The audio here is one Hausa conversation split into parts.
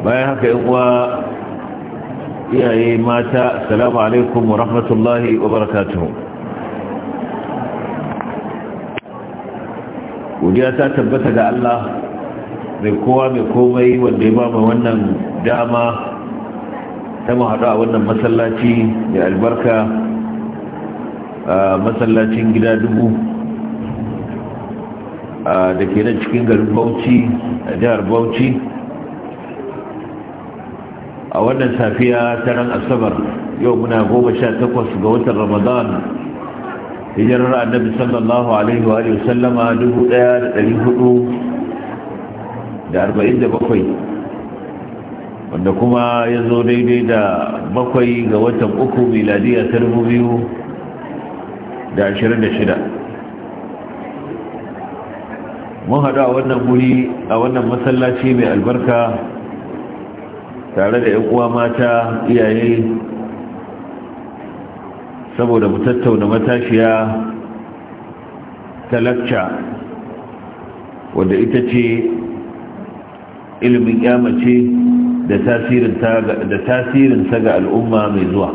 bayan haka yan uwa iyaye mata salamu alaikum wa rahmatullahi wa barakatuhu godiya ta tabbata ga Allah mai kowa mai komai wanda ya ba wannan dama ta mahaɗu a wannan masallaci da albarka a masallacin gida dubu da ke nan cikin garin bauchi a jihar bauchi a wannan safiya ta ran asabar yau muna goma sha takwas ga watan ramadan hijirar annabi sallallahu alaihi wa sallama dubu daya da dari hudu da arba'in da bakwai wanda kuma ya zo daidai da bakwai ga watan uku miladiya ta dubu biyu da ashirin da shida mun haɗu a wannan guri a wannan masallaci mai albarka tare da yan uwa mata iyaye saboda mu tattauna matashiya ta lakca wadda ita ce ilimin kyamace da tasirinsa ga al'umma mai zuwa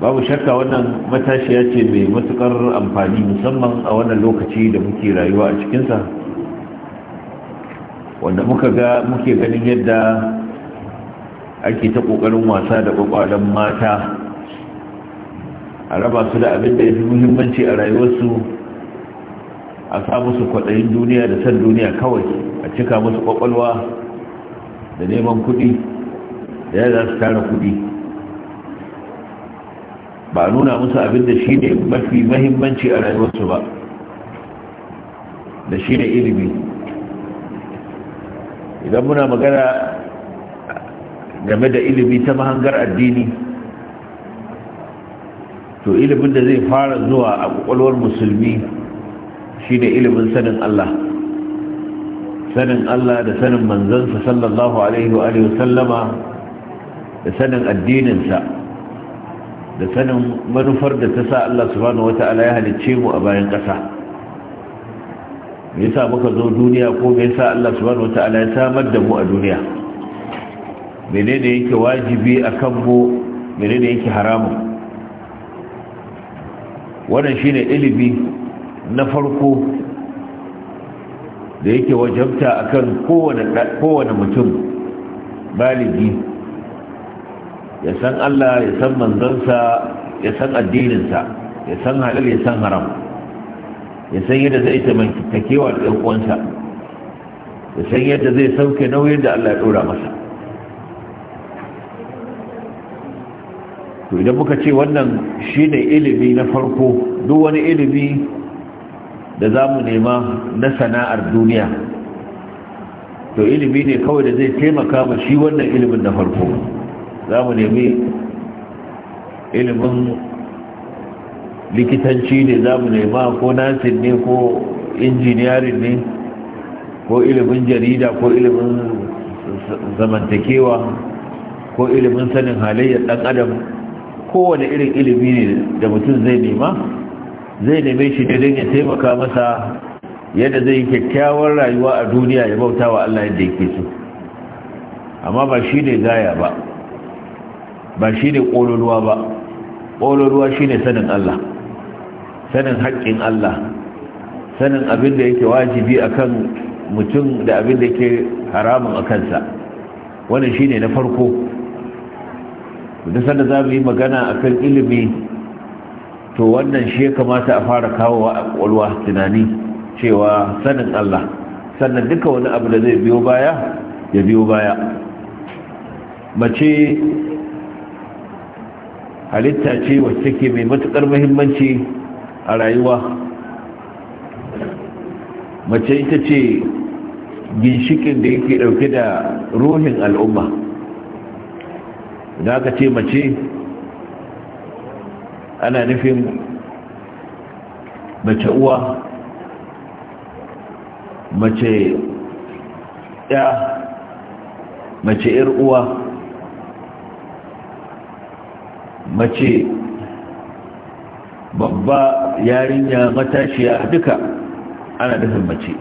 babu shakka wannan matashiya ce mai matukar amfani musamman a wannan lokaci da muke rayuwa a cikinsa wanda muka ga muke ganin yadda ake ta ƙoƙarin wasa da kwakwalen mata a raba su da abin da ya fi muhimmanci a rayuwarsu a sa musu kwaɗayin duniya da san duniya kawai a cika musu ƙwaƙwalwa da neman kuɗi da yadda su tara kuɗi ba nuna musu abin da shi ne mafi muhimmanci a rayuwarsu ba da shi ne ilimi idan muna magana game da ilimi ta mahangar addini to ilimin da zai fara zuwa a kwakwalwar musulmi shine ilimin sanin Allah sanin Allah da sanin manzansa sallallahu alaihi wa sallama da sanin addininsa da sanin manufar da ta sa Allah subhanahu wata'ala ya halicce mu a bayan ƙasa me yasa muka zo duniya ko me yasa Allah subhanahu wataala ya samar da mu a duniya menene yake wajibi akan mu menene yake haramun wannan shine ilimi na farko da yake wajabta akan kowane kowane mutum baligi ya san Allah ya san manzansa ya san addininsa ya san halal ya san haram ya san yadda zai ta takewa da ɗan'uwansa ya san yadda zai sauke nauyin da Allah ya ɗora masa to idan muka ce wannan shi ne ilimi na farko duk wani ilimi da za mu nema na sana'ar duniya to ilimi ne kawai da zai taimaka ma shi wannan ilimin na farko za mu nemi ilimin likitanci ne za mu nema ko nasin ne ko injiniyarin ne ko ilimin jarida ko ilimin zamantakewa ko ilimin sanin halayyar ɗan adam kowane irin ilimi ne da mutum zai nema zai neme shi don ya taimaka masa yadda zai kyakkyawar rayuwa a duniya ya bauta wa Allah yadda yake so amma ba shi ne gaya ba ba shi ne ƙololuwa ba ƙololuwa shi ne sanin Allah sanin haƙƙin Allah sanin abin da yake wajibi akan mutum da abin da yake haramun a kansa wannan shine na farko da sanda za mu yi magana akan ilimi to wannan shi ya kamata a fara kawowa a ƙwalwa tunani cewa sanin Allah sannan duka wani abu da zai biyo baya ya biyo baya mace halitta ce wacce ke mai matuƙar muhimmanci a rayuwa mace ita ce ginshikin da yake dauke da ruhin al'umma da aka ce mace ana nufin mace uwa mace ya mace 'yar uwa mace babba yarinya matashiya duka ana nufin mace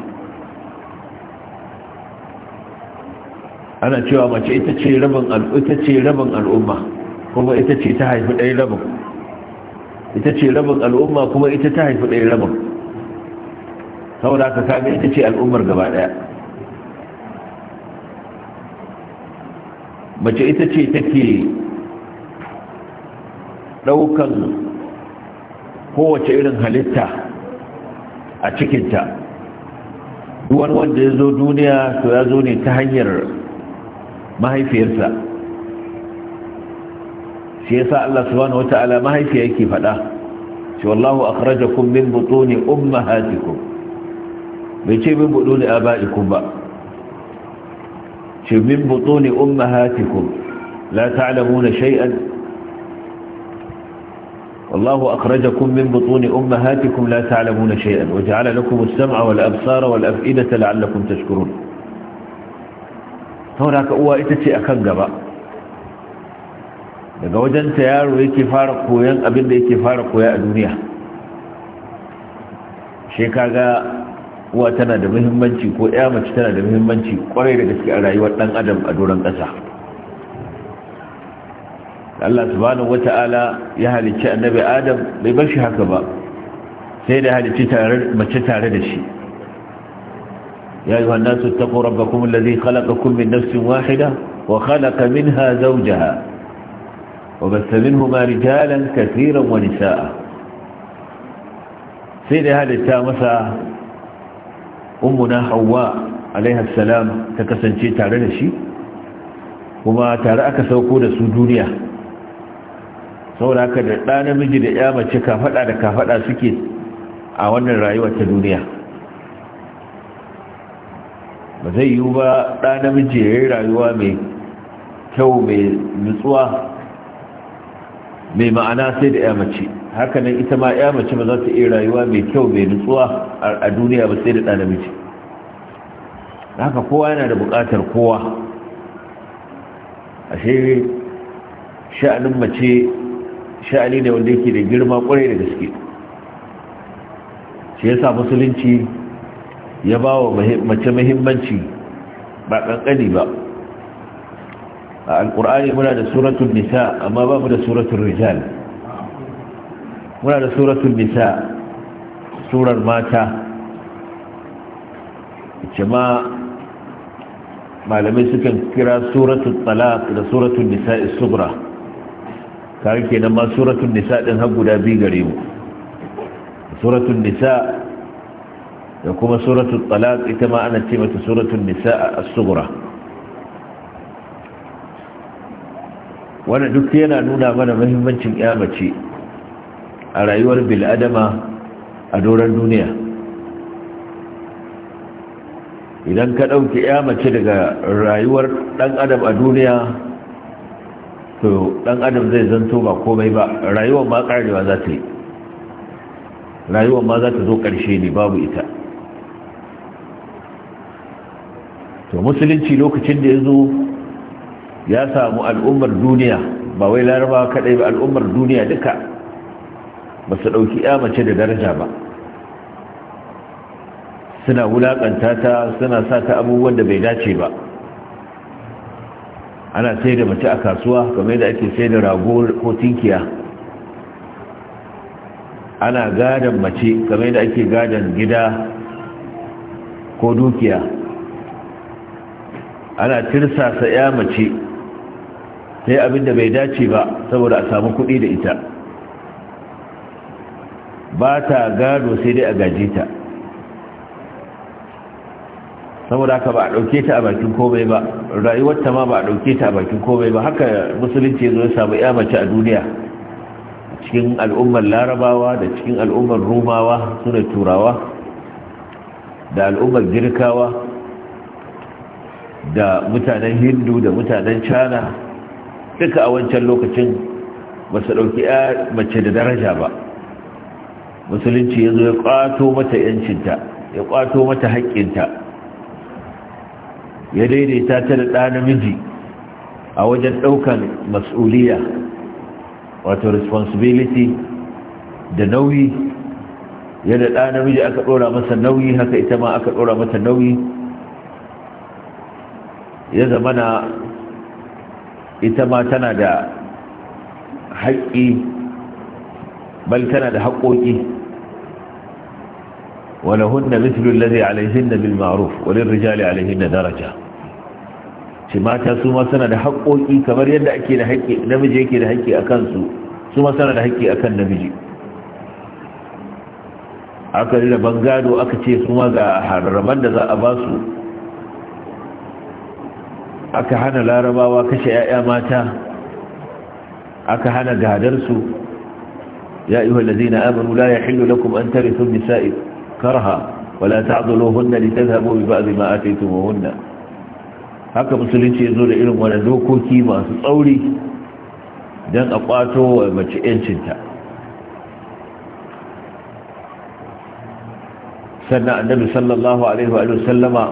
ana cewa mace ita ce rabin al'umma ita ce rabin al'umma kuma ita ce ta haifi ɗaya rabin ita ce rabin al'umma kuma ita ta haifi ɗaya rabin saboda ka kaga ita ce al'ummar gaba ɗaya mace ita ce take ɗaukan kowace irin halitta a cikinta wani wanda ya zo duniya to ya zo ne ta hanyar mahaifiyarsa shi sa Allah subhanahu wata'ala mahaifiya yake faɗa shi wallahu akhrajakum min butuni ummahatikum bai ce min buto ne butuni aba'ikum ba ce min butuni ummahatikum la ta'lamuna shay'an والله أخرجكم من بطون أمهاتكم لا تعلمون شيئا وجعل لكم السمع والأبصار والأفئدة لعلكم تشكرون هناك أوى إتتي أكن قبا daga wajen yaro yake fara koyan abin yake fara koya a duniya shi kaga uwa tana da muhimmanci ko ya mace tana da muhimmanci kwarai da gaske a rayuwar ɗan adam a doron ƙasa Allah subhanahu wata'ala ya halicci annabi Adam bai bar shi haka ba sai da halicci mace tare da shi ya ayyuhan nasu taqu rabbakum alladhi khalaqakum min nafsin wahida wa khalaqa minha zawjaha wa batha minhuma rijalan katiran wani sa'a. sai da halitta masa umuna Hauwa alaiha salam ta kasance tare da shi kuma tare aka sauko da su duniya saboda haka da ɗa namiji da ya mace kafaɗa da kafaɗa suke a wannan rayuwar ta duniya ba zai yiwu ba ɗa namiji ya yi rayuwa mai kyau mai nutsuwa mai ma'ana sai da ya mace hakanan ita ma ya mace ba za ta iya rayuwa mai kyau mai nutsuwa a duniya ba sai da ɗa namiji haka kowa yana da buƙatar kowa ashe sha'anin mace sha'ani ne wanda yake da girma kwarai da gaske shi yasa musulunci ya ba wa mace mahimmanci ba kankani ba a Alƙur'ani muna da suratun nisa amma ba mu da suratun rijal muna da suratun nisa surar mata ce ma malamai sukan kira suratun talaq da suratun nisa'i sugra kawai kenan ma suratun nisa din har guda biyu gare mu suratun nisa da kuma suratun talaq ita ma ana ce mata suratun nisa a sugura wannan duk yana nuna mana muhimmancin mace a rayuwar bil'adama a doron duniya idan ka ɗauki mace daga rayuwar ɗan adam a duniya to dan adam zai zanto ba komai ba rayuwar ma karewa za ta yi rayuwar ma za ta zo karshe ne babu ita to musulunci lokacin da ya zo ya samu al'ummar duniya ba wai laraba kadai ba al'ummar duniya duka ba su ɗauki mace da daraja ba suna wulaƙanta ta suna sa ta abubuwan da bai dace ba ana sai da mace a kasuwa kamar yadda ake sai da rago ko tinkiya ana gadon mace kamar yadda ake gadon gida ko dukiya ana tirsasa ya mace sai abinda bai dace ba saboda a samu kuɗi da ita ba ta gado sai dai a gaji ta saboda haka ba a ɗauke ta a bakin komai ba rayuwarta ma ba a ɗauke ta a bakin komai ba haka musulunci ya zo ya samu ya mace a duniya cikin al'ummar larabawa da cikin al'ummar rumawa suna turawa da al'ummar girkawa da mutanen hindu da mutanen china duka a wancan lokacin ba su ɗauki ya mace da daraja ba musulunci ya zo ya ƙwato mata 'yancinta ya kwato mata haƙƙinta ya daidaita ta da ɗa namiji a wajen ɗaukan mas'uliya wato responsibility da nauyi yadda ɗa namiji aka ɗora masa nauyi haka ita ma aka ɗora mata nauyi ya zama na ita ma tana da haƙƙi bal tana da haƙƙoƙi ولهن مثل الذي عليهن بالمعروف وللرجال عليهن درجة shi mata su ma suna da haƙoƙi kamar yadda ake da haƙƙi namiji yake da haƙƙi a kansu su ma suna da haƙƙi a kan namiji aka da bangado aka ce su ma ga haraman da za a ba su aka hana larabawa kashe 'ya'ya mata aka hana gadarsu ya iya lalazi na amuru la ya hillu lakum an tare sun nisa'i karha wala ta'dhuluhun litadhhabu bi ba'd ma ataytumuhun haka musulunci yazo da irin wannan dokoki masu tsauri dan a kwato mace ta sannan annabi sallallahu alaihi wa sallama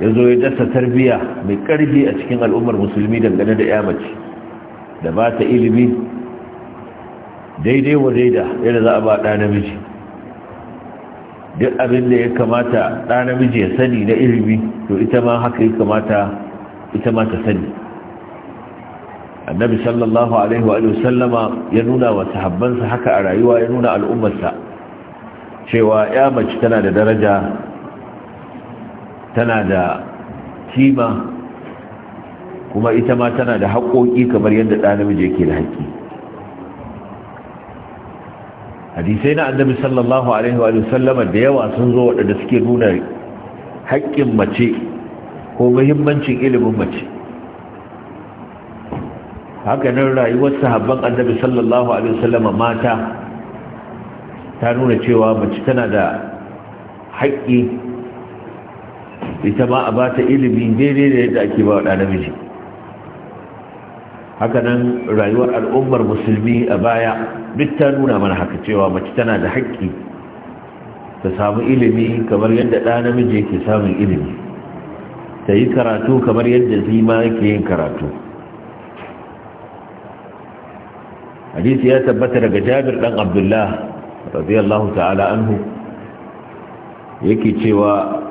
yazo ya dasa tarbiya mai karfi a cikin al'ummar musulmi dangane da ya mace da ba ta ilimi daidai wa daida yadda za a ba ɗa namiji duk abin da ya kamata ɗa namiji ya sani na ilimi to ita ma haka ya kamata ita ma ta sani annabi sallallahu alaihi wa sallama ya nuna wa sahabbansa haka a rayuwa ya nuna al'ummarsa cewa ya mace tana da daraja tana da kima kuma ita ma tana da haƙoƙi kamar yadda ɗa namiji yake da haƙƙi hadisai na annabi sallallahu alaihi wa sallama da yawa sun zo waɗanda suke nuna haƙƙin mace ko muhimmancin ilimin mace haka nan rayuwar sahabban annabi sallallahu alaihi wa sallama mata ta nuna cewa mace tana da haƙƙi ita ma a bata ilimi daidai da yadda ake ba wa ɗa namiji haka nan rayuwar al'ummar musulmi a baya duk ta nuna mana haka cewa mace tana da haƙƙi ta samu ilimi kamar yadda ɗa namiji yake samun ilimi ta yi karatu kamar yadda zima yake yin karatu hadisi ya tabbata daga jabir ɗan abdullah radiyallahu ta'ala anhu yake cewa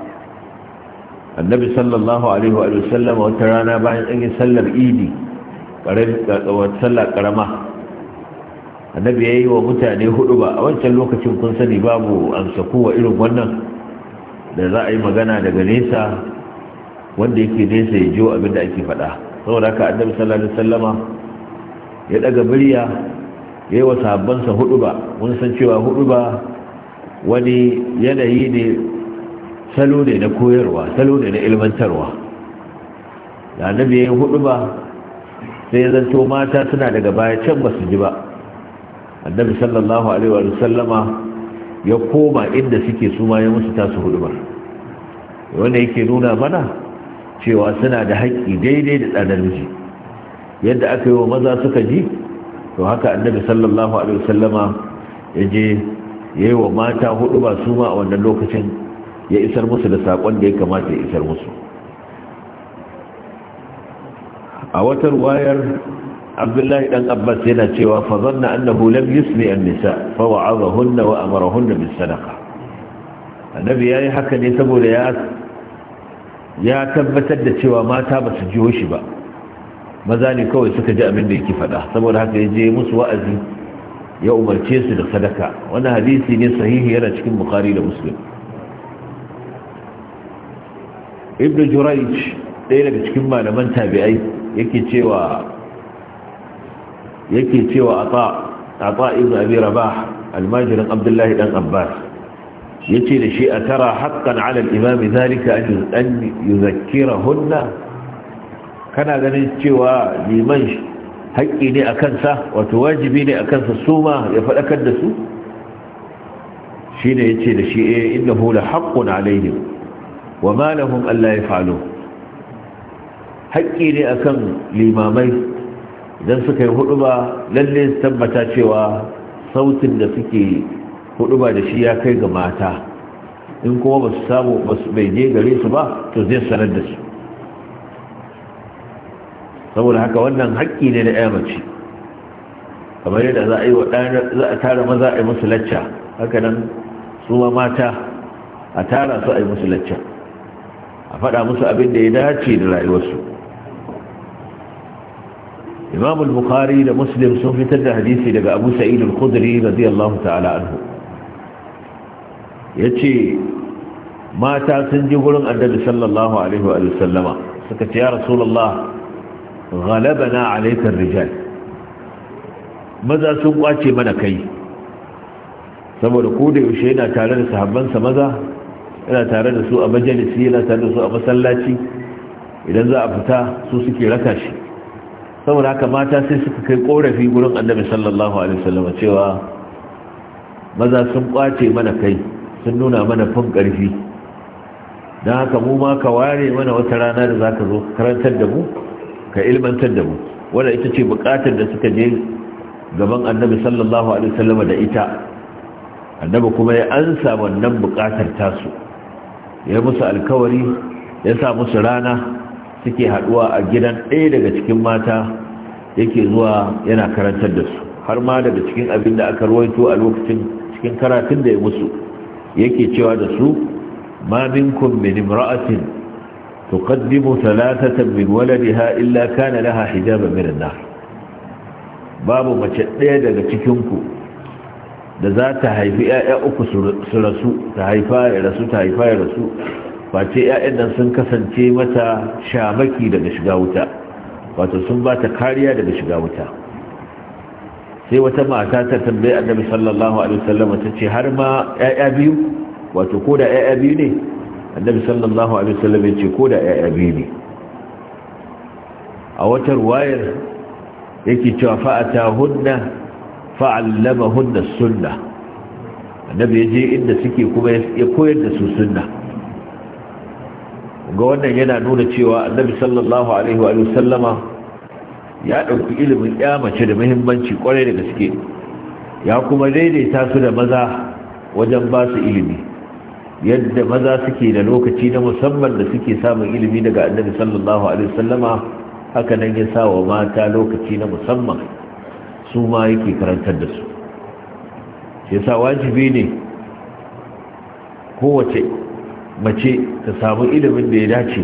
annabi sallallahu alaihi wa sallam wata rana bayan an yi sallar idi ƙaramar sallar ƙarama annabi ya yi wa mutane hudu ba a wancan lokacin kun sani babu amsakuwa irin wannan da za a yi magana daga nesa wanda yake nesa ya jiwo abin da ake faɗa saboda haka annabi sallallahu alaihi wasallama ya daga murya ya yi wa sahabbansa hudu ba mun san cewa hudu ba wani yanayi ne salo ne na koyarwa salo ne na ilmantarwa da annabi ya yi hudu ba sai ya zanto mata suna daga baya can ba su ji ba annabi sallallahu alaihi wa sallama ya koma inda suke su ma ya musu tasu hudumar wanda yake nuna mana cewa suna da haƙƙi daidai da tsadar miji yadda aka yi wa maza suka ji to haka annabi sallallahu alaihi wa sallama ya je ya yi wa mata huɗuba suma su ma a wannan lokacin ya isar musu da saƙon da ya kamata ya isar musu a wata ruwayar abdullahi dan abbas yana cewa fa zanna annahu lam yusmi an-nisa fa wa'adahunna wa amarahunna bis sadaqa annabi yayi haka ne saboda ya ya tabbatar da cewa mata ba su jiyo shi ba maza ne kawai suka ji abin da yake faɗa saboda haka ya je musu wa'azi ya umarce su da sadaka wani hadisi ne sahihi yana cikin bukari da muslim ibn jurayj ɗaya daga cikin malaman tabi'ai yake cewa yake cewa a ta ibn abi rabah almajirin abdullahi dan abbas yace da shi a tara haƙƙan alal imami zalika an yuzakkira hunna kana ganin cewa liman haƙƙi ne a kansa wato wajibi ne a kansa su ma ya faɗakar da su shi ne ya ce da shi eh inda hula haƙƙun alaihim wa malamin Allah ya falo haƙƙi ne a kan limamai idan suka yi huɗuba lalle su tabbata cewa sautin da suke ba da shi ya kai ga mata in kuma ba su samu bai je gare su ba to zai sanar da su saboda haka wannan haƙƙi ne na mace kamar yadda za a yi za a tara maza a yi musu lacca haka nan su ma mata a tara su a yi musu lacca a faɗa musu abin da ya dace da rayuwarsu imam al-bukhari da muslim sun fitar da hadisi daga abu sa'id al-khudri radiyallahu ta'ala anhu yace mata sun ji gurin annabi sallallahu alaihi wa sallama suka ce ya rasulullah ghalabana alayka ar-rijal maza sun kwace mana kai saboda ko da yaushe yana tare da sahabbansa maza yana tare da su a majalisi yana tare da su a masallaci idan za a fita su suke raka shi saboda haka mata sai suka kai korafi gurin annabi sallallahu alaihi wasallam cewa maza sun kwace mana kai sun nuna mana fankarfi karfi don haka mu ma ka ware mana wata rana da zaka zo karantar da mu ka ilmantar da mu wanda ita ce bukatar da suka je gaban annabi sallallahu alaihi wasallam da ita annabi kuma ya ansa wannan bukatar tasu ya musu alkawari ya sa musu rana suke haduwa a gidan ɗaya daga cikin mata yake zuwa yana karantar da su har ma daga cikin abin da aka ruwaito a lokacin cikin karatun da ya musu yake cewa da su ma minkum min imra'atin tuqaddimu thalathatan min waladiha illa kana laha hijaban min an-nar babu mace ɗaya daga cikin ku da za ta haifi 'ya'ya uku su rasu ta haifa ya rasu ta haifa ya rasu face 'ya'yan nan sun kasance mata shamaki daga shiga wuta wato sun ba ta kariya daga shiga wuta sai wata mata ta tambayi annabi sallallahu alaihi wasallam ta ce har ma ƴaƴa biyu wato ko da ƴaƴa biyu ne annabi sallallahu alaihi wasallam ya ce ko da ƴaƴa biyu ne a wata wayar yake cewa fa'ata hunna fa'allama hunna sunna annabi ya je inda suke kuma ya koyar da su sunna ga wannan yana nuna cewa annabi sallallahu alaihi wa sallama ya ɗauki ilimin ya mace da muhimmanci kwarai da gaske ya kuma daidaita su da maza wajen ba su ilimi yadda maza suke da lokaci na musamman da suke samun ilimi daga annabi sallallahu alaihi sallama haka nan ya sa wa mata lokaci na musamman su ma yake karantar da su yasa wajibi ne kowace mace ta samu ilimin da ya dace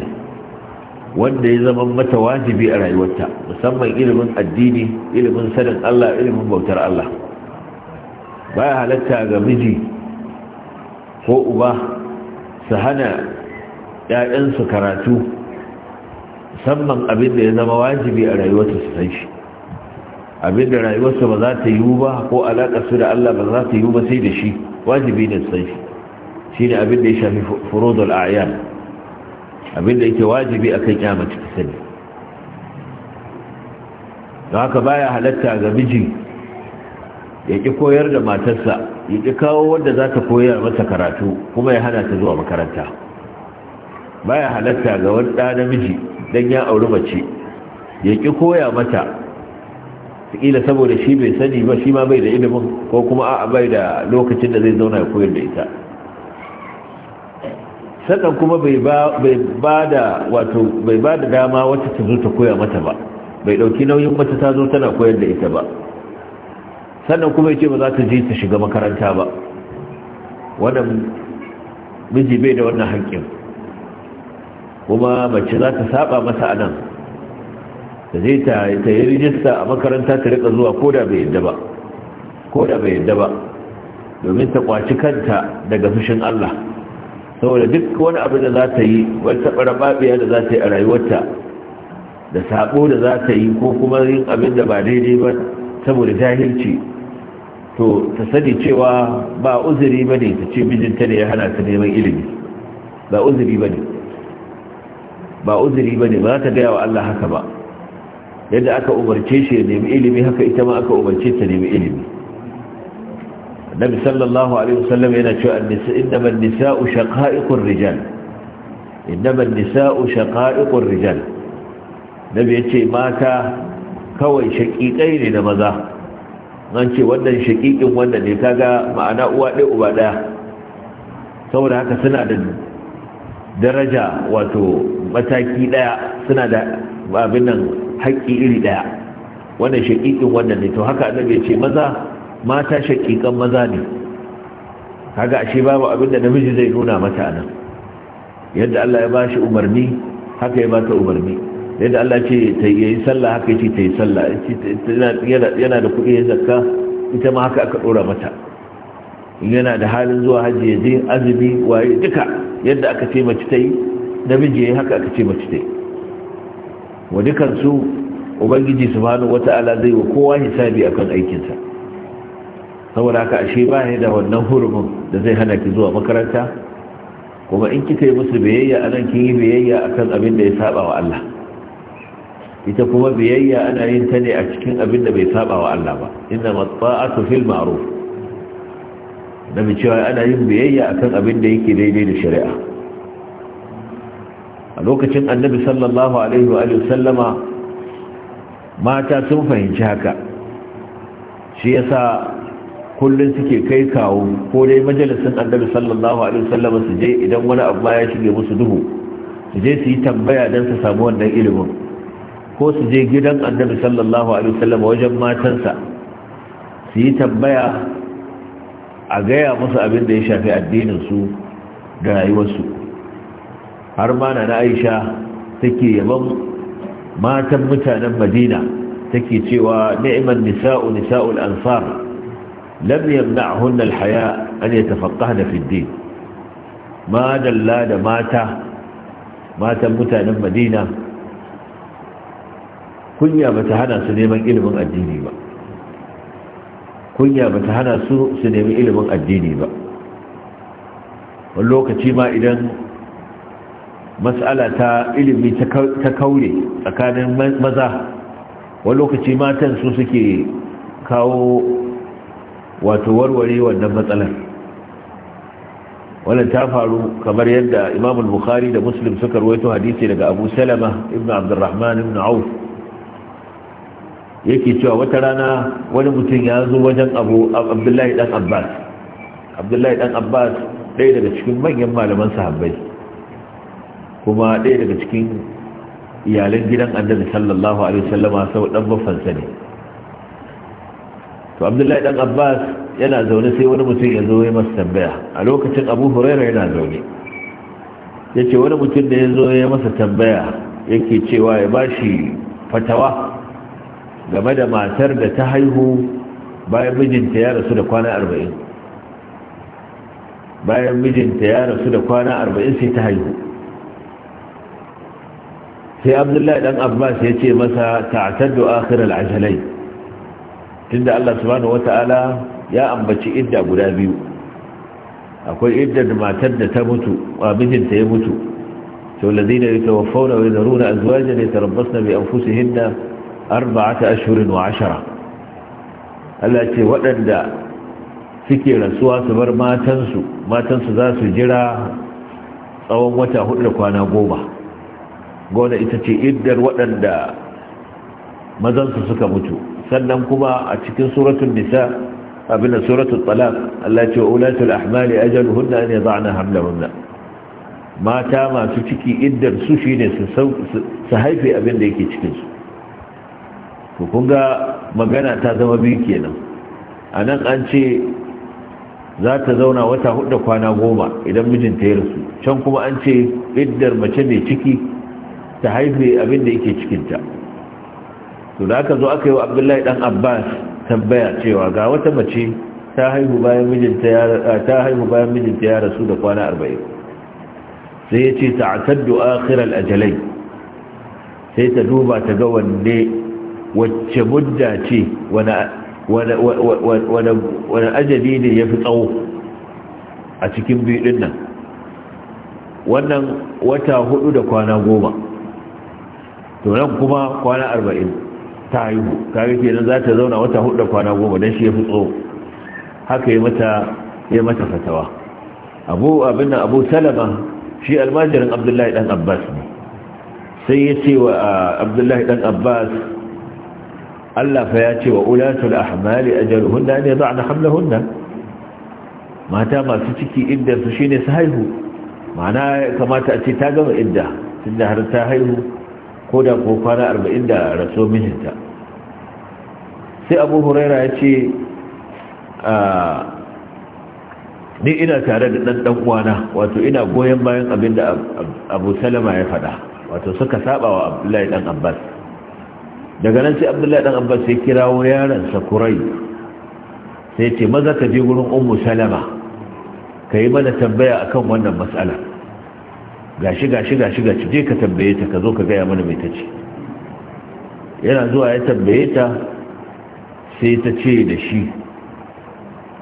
wanda ya zama mata wajibi a rayuwarta musamman ilimin addini ilimin sanin Allah ilimin bautar Allah baya halatta ga miji ko uba su hana ‘ya'yansu karatu musamman abin da ya zama wajibi a rayuwarsa su san shi abin da rayuwarsa ba za ta yiwu ba ko alaƙarsu da Allah ba za ta yiwu ba sai da shi wajibi ne su san shi shine abin da ya shafi furudul a'yan abin da yake wajibi akan ya mace ta sani don haka baya halatta ga miji ya ki koyar da matarsa ya ki kawo wanda za ta koyar masa karatu kuma ya hana ta zuwa makaranta baya halatta ga wani ɗa namiji don ya auri mace ya ki koya mata kila saboda shi bai sani ba shi ma bai da ilimin ko kuma a'a bai da lokacin da zai zauna ya koyar da ita sannan kuma bai ba da dama wata ta zo ta koya mata ba bai dauki nauyin mata ta zo tana koyar da ita ba sannan kuma ya ce ba za ta je ta shiga makaranta ba wannan miji bai da wannan hankin kuma mace za ta saba masa a nan da zai ta yi rijista a makaranta ta rika zuwa koda bai yadda ba koda bai yadda ba domin ta kwaci kanta daga fushin Allah saboda duk wani abu da za ta yi wani wata babiya da za ta yi a rayuwarta da sabo da za ta yi ko kuma yin abin da ba daidai ba saboda jahilci to ta sani cewa ba uzuri ba ne ta ce mijinta ne ya hana ta neman ilimi ba uzuri ba ne ba uzuri ba ne ba za ta gaya wa Allah haka ba yadda aka umarce shi ya nemi ilimi haka ita ma aka umarce ta nemi ilimi nabi sallallahu alaihi wasallam yana cewa innama nisa'u shaqa'iqur rijal innama nisa'u shaqa'iqur rijal nabi yace mata kawai shaqiqai ne da maza zan ce wannan shaqiqin wannan ne kaga ma'ana uwa ɗaya uba ɗaya saboda haka suna da daraja wato mataki ɗaya suna da abin nan haƙƙi iri ɗaya wannan shaƙiƙin wannan ne to haka annabi ya ce maza mata shakikan maza ne haka ashe babu abin da namiji zai nuna mata nan. yadda Allah ya bashi umarni haka ya bata umarni yadda Allah ce ta yi sallah haka ce ta yi sallah yana da kuɗi ya zakka ita ma haka aka ɗora mata yana da halin zuwa hajji ya je azumi waye duka yadda aka ce mace ta yi namiji ya yi haka aka ce mace ta yi wa dukansu ubangiji subhanahu wata'ala zai wa kowa hisabi akan aikinsa saboda haka ashe ba ne da wannan hurumin da zai hana ki zuwa makaranta kuma in kika yi musu biyayya a nan kin yi biyayya kan abin da ya saba wa Allah ita kuma biyayya ana yin ta ne a cikin abin da bai saba wa Allah ba inna matta'atu fil ma'ruf nabi cewa ana yin biyayya a kan abin da yake daidai da shari'a a lokacin annabi sallallahu alaihi wa alihi sallama mata sun fahimci haka shi yasa Kullum suke kai kawo ko dai majalisin annabi sallallahu alaihi wasallam su je idan wani abu ya shige musu duhu su je su yi tambaya dan su samu wannan ilimin ko su je gidan annabi sallallahu alaihi wasallam wajen matansa su yi tambaya a gaya musu abin da ya shafi addininsu da rayuwarsu har ma na aisha take yaban matan mutanen madina take cewa ni'imar nisa'u nisa'ul ansar lam yamna'hunna al-haya an yatafaqqahna fi da din ma dalla da mata matan mutanen Madina kunya bata hana su neman addini ba kunya bata hana su su nemi ilimin addini ba wani lokaci ma idan matsala ta ilimi ta tsakanin maza wani lokaci matan su suke kawo wato warware wannan matsalar wannan ta faru kamar yadda imam bukhari da muslim suka ruwaito hadisi daga abu salama ibn abdurrahman ibn auf yake cewa wata rana wani mutum ya zo wajen abu abdullahi dan abbas abdullahi dan abbas ɗaya daga cikin manyan malaman sahabbai kuma ɗaya daga cikin iyalan gidan annabi sallallahu alaihi wasallama sau dan bafansa ne to abdullahi dan abbas yana zaune sai wani mutum ya zo ya masa tambaya a lokacin abu huraira yana zaune ya ce wani mutum da ya zo ya masa tambaya yake cewa ya ba shi fatawa game da matar da ta haihu bayan mijinta ya rasu da kwana arba'in bayan mijinta ya rasu da kwana arba'in sai ta haihu sai abdullahi dan abbas ya ce masa ta'atar da akhirar ajalai tunda Allah subhanahu wata'ala ya ambaci idda guda biyu akwai iddar matar da ta mutu a mijinta ya mutu to ladina yatawaffawna wa yadharuna azwajan yatarabbasna bi anfusihinna arba'ata ashhurin wa ashara Allah ce waɗanda suke rasuwa su bar matansu matansu za su jira tsawon wata hudu da kwana goma gona ita ce iddar waɗanda mazansu suka mutu sannan kuma a cikin suratun nisa abin da suratul talaq Allah ce ulatul ahmali ajaluhunna an zana hamlahunna mata masu ciki iddar su shine su haifi haife abin da yake cikin su ga magana ta zama biyu kenan anan an ce za ta zauna wata hudu kwana goma idan mijinta ya rasu can kuma an ce iddar mace mai ciki ta haife abin da yake cikinta to da aka zo aka yi wa abdullahi dan abbas tambaya cewa ga wata mace ta haihu bayan mijinta ya rasu da kwana 40 sai ya ce ta'taddu akhir al-ajalai sai ta duba ta ga wanne wacce mudda ce wani ajali ne ya fi tsawo a cikin biyun nan wannan wata hudu da kwana goma to nan kuma kwana arba'in ta haihu kaga kenan za ta zauna wata hudu kwana goma don shi ya fi haka ya mata ya mata fatawa abu abin nan abu salama shi almajirin abdullahi dan abbas ne sai ya ce wa abdullahi dan abbas Allah fa ya ce wa ulatul ahmali ajaluhunna an yad'na hamlahunna mata masu ciki iddar su shine su haihu ma'ana kamata a ce ta gama idda da har ta haihu ko da ko kwana arba'in da raso mijinta sai abu huraira ya ce ni ina tare da ɗan kwana wato ina goyon bayan abin da abu salama ya faɗa wato suka saba wa abdullahi ɗan abbas daga nan sai abdullahi ɗan abbas ya kirawo yaransa kurai sai ce maza ka je wurin umu salama ka yi mana tambaya akan wannan matsala gashi gashi gashi gashi je ka tambaye ta ka zo ka gaya mana mai ta ce yana zuwa ya tambaye ta sai ta ce da shi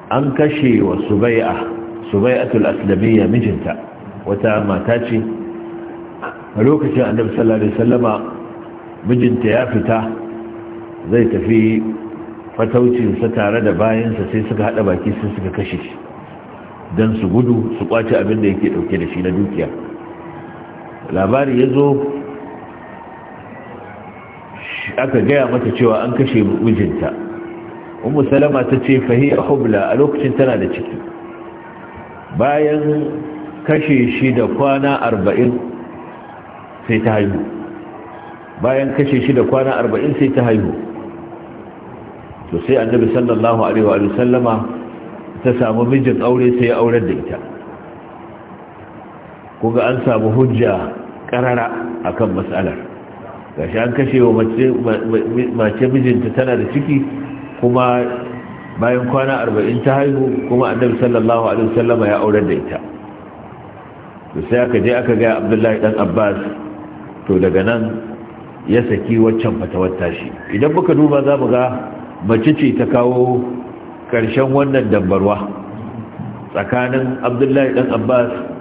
an kashe wa subai'a subai'atul aslamiyya mijinta wata mata ce a lokacin annabi sallallahu alaihi wasallama mijinta ya fita zai tafi fataucinsa tare da bayansa sai suka hada baki sai suka kashe shi don su gudu su kwace abin da yake dauke da shi na dukiya labari ya zo aka gaya mata cewa an kashe mijinta umu salama ta ce fahiyar hubla a lokacin tana da ciki bayan kashe shi da kwana arba'in sai ta haihu bayan kashe shi da kwana arba'in sai ta haihu to sai annabi sallallahu alaihi wa sallama ta samu mijin aure sai ya aurar da ita kuga an samu hujja karara akan matsalar gashi an kashe wa mace mijinta tana da ciki kuma bayan kwana arba'in ta haihu kuma annabi sallallahu alaihi wasallama ya aurar da ita to sai aka je aka ga abdullahi dan abbas to daga nan ya saki waccan fatawar tashi idan muka duba za mu ga mace ce ta kawo ƙarshen wannan dambarwa tsakanin abdullahi dan abbas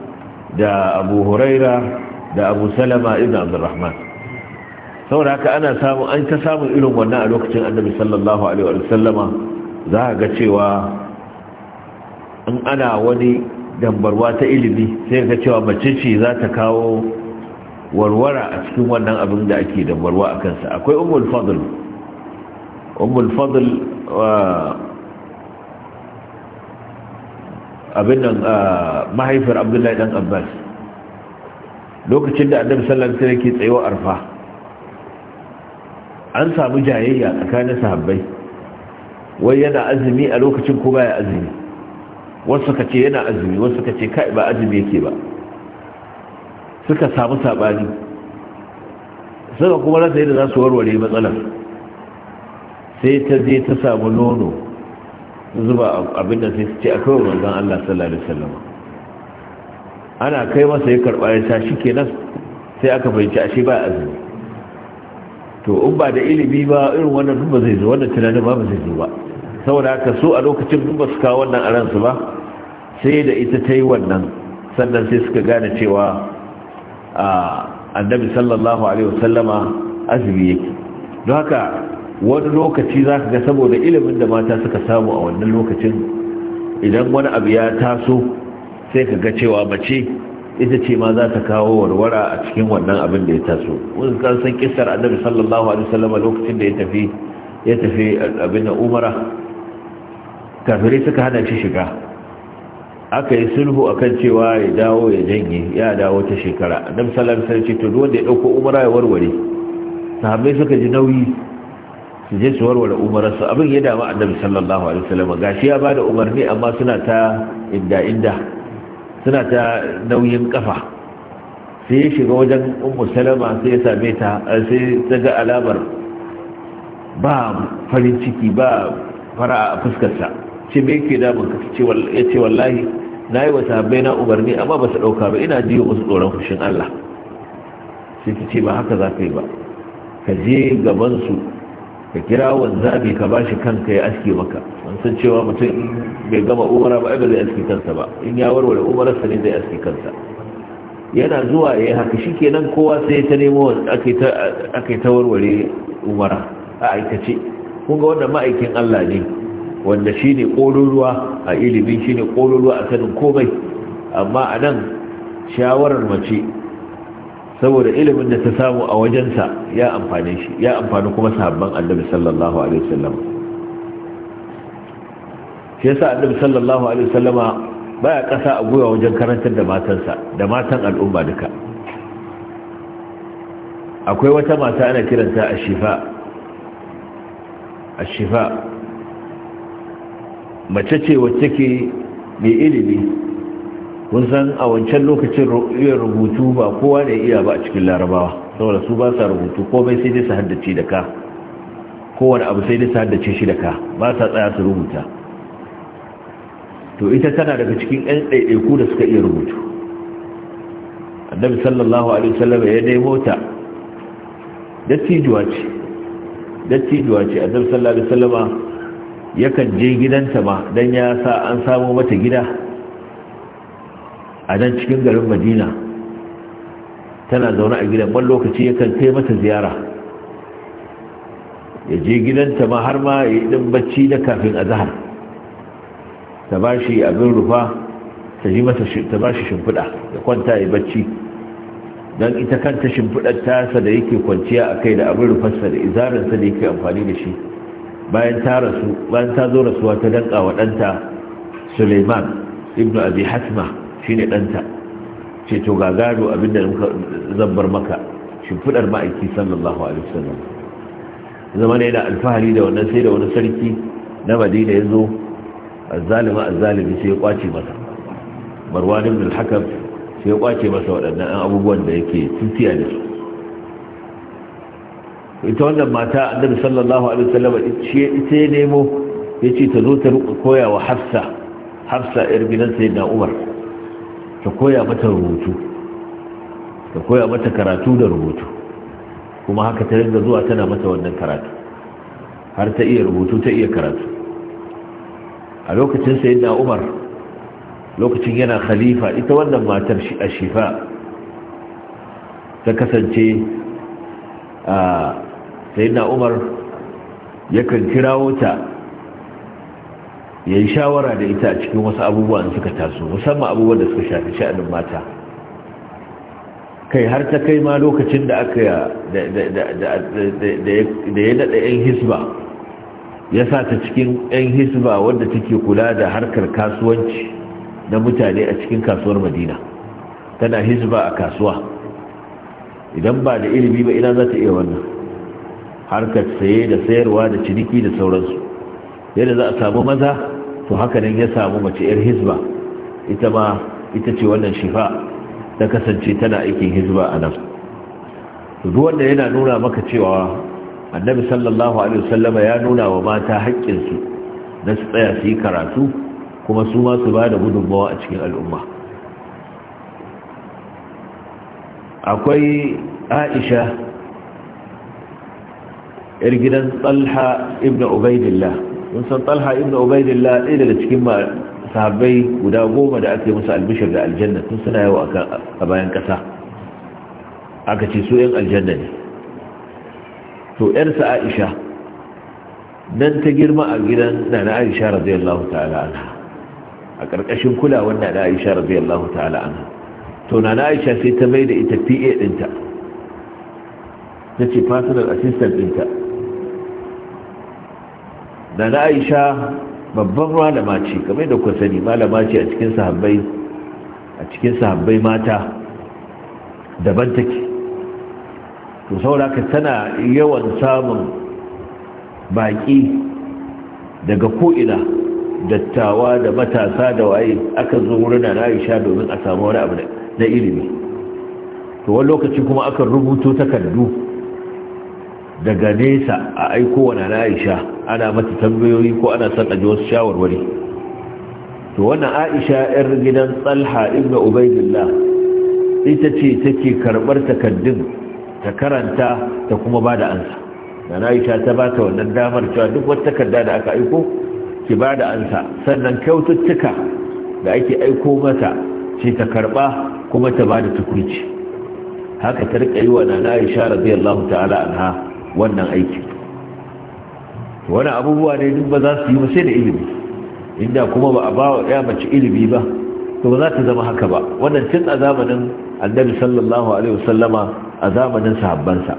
da abu huraira da abu salama ibn abdurrahman saboda haka ana samu an ta samun irin wannan a lokacin annabi sallallahu alaihi wa za a ga cewa in ana wani dambarwa ta ilimi sai ga cewa mace ce za ta kawo warwara a cikin wannan abin da ake dambarwa a kansa akwai umul fadl umul fadl uh, abin nan ah, mahaifar abdullahi dan abbas lokacin da annabi sallallahu alaihi wasallam ke tsayo arfa an samu jayayya tsakanin sahabbai wai yana azumi a lokacin ko baya azumi wasu suka ce yana azumi wasu suka ce kai ba azumi yake ba suka samu sabani suka kuma rasa yadda za su warware matsalar sai ta je ta samu nono zuba abin da sai ce a kawai manzan Allah sallallahu alaihi wasallam ana kai masa ya karba ya sha shi kenan sai aka fahimci shi ba azumi to in ba da ilimi ba irin wannan duba zai zo wannan tunanin ba ba zai zo ba saboda haka so a lokacin duba ba su kawo wannan a ransu ba sai da ita ta yi wannan sannan sai suka gane cewa a annabi sallallahu alaihi wasallama azumi yake don haka wani lokaci za ka ga saboda ilimin da mata suka samu a wannan lokacin idan wani abu ya taso sai ka ga cewa mace ita ce ma za ta kawo warwara a cikin wannan abin da ya taso wani kan san kisar annabi sallallahu alaihi wasallam lokacin da ya tafi ya tafi abin da umara kafirai suka hana shi shiga aka yi sulhu akan cewa ya dawo ya janye ya dawo ta shekara annabi sallallahu alaihi wasallam ce to duk wanda ya dauko umara ya warware sahabbai suka ji nauyi su je su warware umararsu abin ya dama annabi sallallahu alaihi wasallam gashi ya bada umarni amma suna ta inda inda suna ta nauyin kafa sai ya shiga wajen ummu salama sai ya same ta sai ta ga alamar ba farin ciki ba fara a fuskarsa ce me yake damun ka ce ya ce wallahi na yi wa sahabbai na umarni amma ba su ɗauka ba ina jiyo wasu tsoron fushin Allah sai ta ce ba haka za ka yi ba ka je gaban su ka kira zabi ka ba shi kanka ya aske maka an san cewa mutum bai gama umara ba ba zai aske kansa ba in ya warware umararsa ne zai aske kansa yana zuwa ya yi haka shikenan kowa sai ta nemo aka ta warware umara a aikace kun ga wannan ma'aikin Allah ne wanda shi ne ƙololuwa a ilimin shi ne ƙololuwa a sanin komai amma a nan shawarar mace saboda ilimin da ta samu a wajensa ya amfane shi ya amfani kuma sahabban annabi sallallahu alaihi wasallam shi yasa annabi sallallahu alaihi wasallam baya kasa a gwiwa wajen karantar da matansa da matan al'umma duka akwai wata mata ana kiranta ashifa ashifa mace ce wacce ke mai ilimi kun san a wancan lokacin iya rubutu ba kowa da iya ba a cikin larabawa saboda su ba sa rubutu komai sai dai su haddace da ka kowane abu sai dai su haddace shi da ka ba sa tsaya su rubuta to ita tana daga cikin 'yan ɗaiɗaiku da suka iya rubutu annabi sallallahu alaihi wasallam ya dai mota. dattijuwa ce dattijuwa ce annabi sallallahu alaihi wasallama yakan je gidanta ma dan ya sa an samu mata gida a nan cikin garin madina tana zaune a gidan ban lokaci yakan kai mata ziyara ya je gidanta ma har ma ya yi ɗin bacci da kafin zahar, ta ba shi abin rufa ta ji ta ba shi shimfiɗa ya kwanta ya bacci don ita kanta shimfiɗar tasa da yake kwanciya a kai da abin rufarsa da izarinsa da yake amfani da shi bayan ta rasu bayan ta zo rasuwa ta danƙa wa ɗanta suleiman ibnu abi hatima shine ɗanta ce to ga gado abinda zabbar maka shimfiɗar ma'aiki sallallahu alaihi wasallam zama ne da alfahari da wannan sai da wani sarki na madina ya zo azzalima azzalimi sai ya kwace masa marwan ibn al-hakam sai ya kwace masa waɗannan abubuwan da yake tutiya da su ita wannan mata annabi sallallahu alaihi wasallam ita ya nemo ya ce ta zo ta koya wa hafsa hafsa yar gidan sayyidina umar ta koya mata rubutu ta koya mata karatu da rubutu kuma haka ta ringa zuwa tana mata wannan karatu har ta iya rubutu ta iya karatu a lokacin sayyidina umar lokacin yana khalifa ita wannan matar shi a shifa ta kasance a sayyidina umar yakan kirawo ta ya yi shawara da ita a cikin wasu abubuwan suka taso musamman abubuwan da suka shafi sha'anin mata kai har ta kai ma lokacin da aka da ya daɗa 'yan hisba ya sa ta cikin 'yan hisba wadda take kula da harkar kasuwanci na mutane a cikin kasuwar madina tana hisba a kasuwa idan ba da ilimi ba ina za ta iya wannan harkar saye da sayarwa da ciniki da sauransu yadda za a samu maza to haka nan ya samu mace yar hizba ita ma ita ce wannan shifa ta kasance tana aikin hizba a nan zuwan yana nuna maka cewa annabi sallallahu alaihi wasallama ya nuna wa mata haƙƙinsu na su tsaya su yi karatu kuma su ma su ba da gudunmawa a cikin al'umma akwai aisha 'yar gidan tsalha ibn ubaidillah mun san talha ibn ubaidillah ɗaya daga cikin sahabbai guda goma da aka yi musu albishir da aljanna tun suna yawa a bayan ƙasa aka ce su yan aljanna ne to yarsa aisha nan ta girma a gidan na na aisha radiyallahu ta'ala anha a ƙarƙashin kulawar na na aisha radiyallahu ta'ala anha to na na aisha sai ta mai da ita pa ɗinta ta ce personal assistant ɗinta da na aisha babban malama ce kamar da kuka sani malama ce a cikin sahabbai a cikin sahabbai mata daban take to sauraka tana yawan samun baki daga ko'ina dattawa da matasa da waye aka zo wurin na aisha domin a samu wani abu da ilimi to wani lokaci kuma aka rubuto takardu daga nesa a aiko wa Nana aisha ana mata tambayoyi ko ana san aji wasu shawarwari to wannan aisha yar gidan tsalha ibn ubaidillah ita ce take karbar takaddun ta karanta ta kuma ba ansa Nana aisha ta ba ta wannan damar cewa duk wata takarda da aka aiko ki ba ansa sannan kyaututtuka da ake aiko mata ce ta karba kuma ta bada da tukunci haka ta rika yi wa Nana aisha radiyallahu ta'ala anha wannan aiki wani abubuwa ne duk ba za su yi ba sai da ilimi inda kuma ba a ba wa ya mace ilimi ba to ba za ta zama haka ba wannan tun a zamanin annabi sallallahu alaihi wasallama a zamanin sahabbansa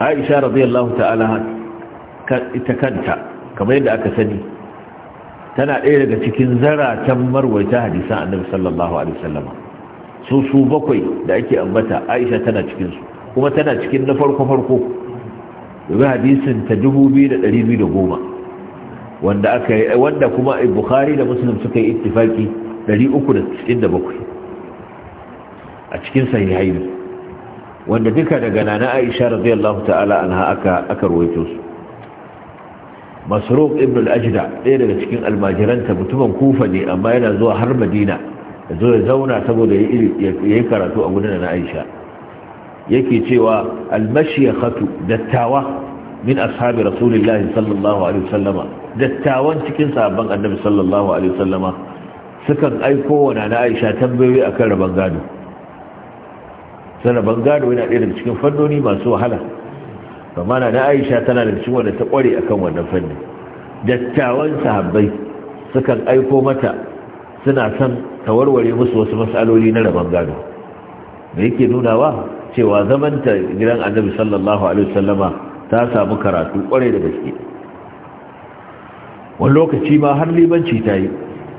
aisha radiyallahu ta'ala ita kanta kamar yadda aka sani tana ɗaya daga cikin zaratan marwaita hadisan annabi sallallahu alaihi wasallama su su bakwai da ake ambata aisha tana cikinsu kuma tana cikin na farko-farko daga hadisin ta 2,210 wanda aka yi wanda kuma bukhari da muslim suka yi ittifaki 397 a cikin sahihaini wanda duka daga nana aisha radiyallahu ta'ala anha aka aka ruwaito su masruq ibn al-ajda ɗaya daga cikin almajiranta mutumin kufa ne amma yana zuwa har madina zo ya zauna saboda ya yi karatu a gudana na aisha yake cewa almashiyakatu dattawa min ashabi rasulillahi sallallahu alaihi sallama. dattawan cikin sahabban annabi sallallahu alaihi sallama sukan aiko wana na aisha tambayoyi akan rabon gado sai gado yana ɗaya daga cikin fannoni masu wahala kama na aisha tana da cikin wanda ta kware akan wannan fannin dattawan sahabbai sukan aiko mata suna son ka warware musu wasu matsaloli na rabon gado da yake nunawa cewa zamanta gidan annabi sallallahu alaihi wasallama ta samu karatu kwarai da gaske wani lokaci ma har limanci ta yi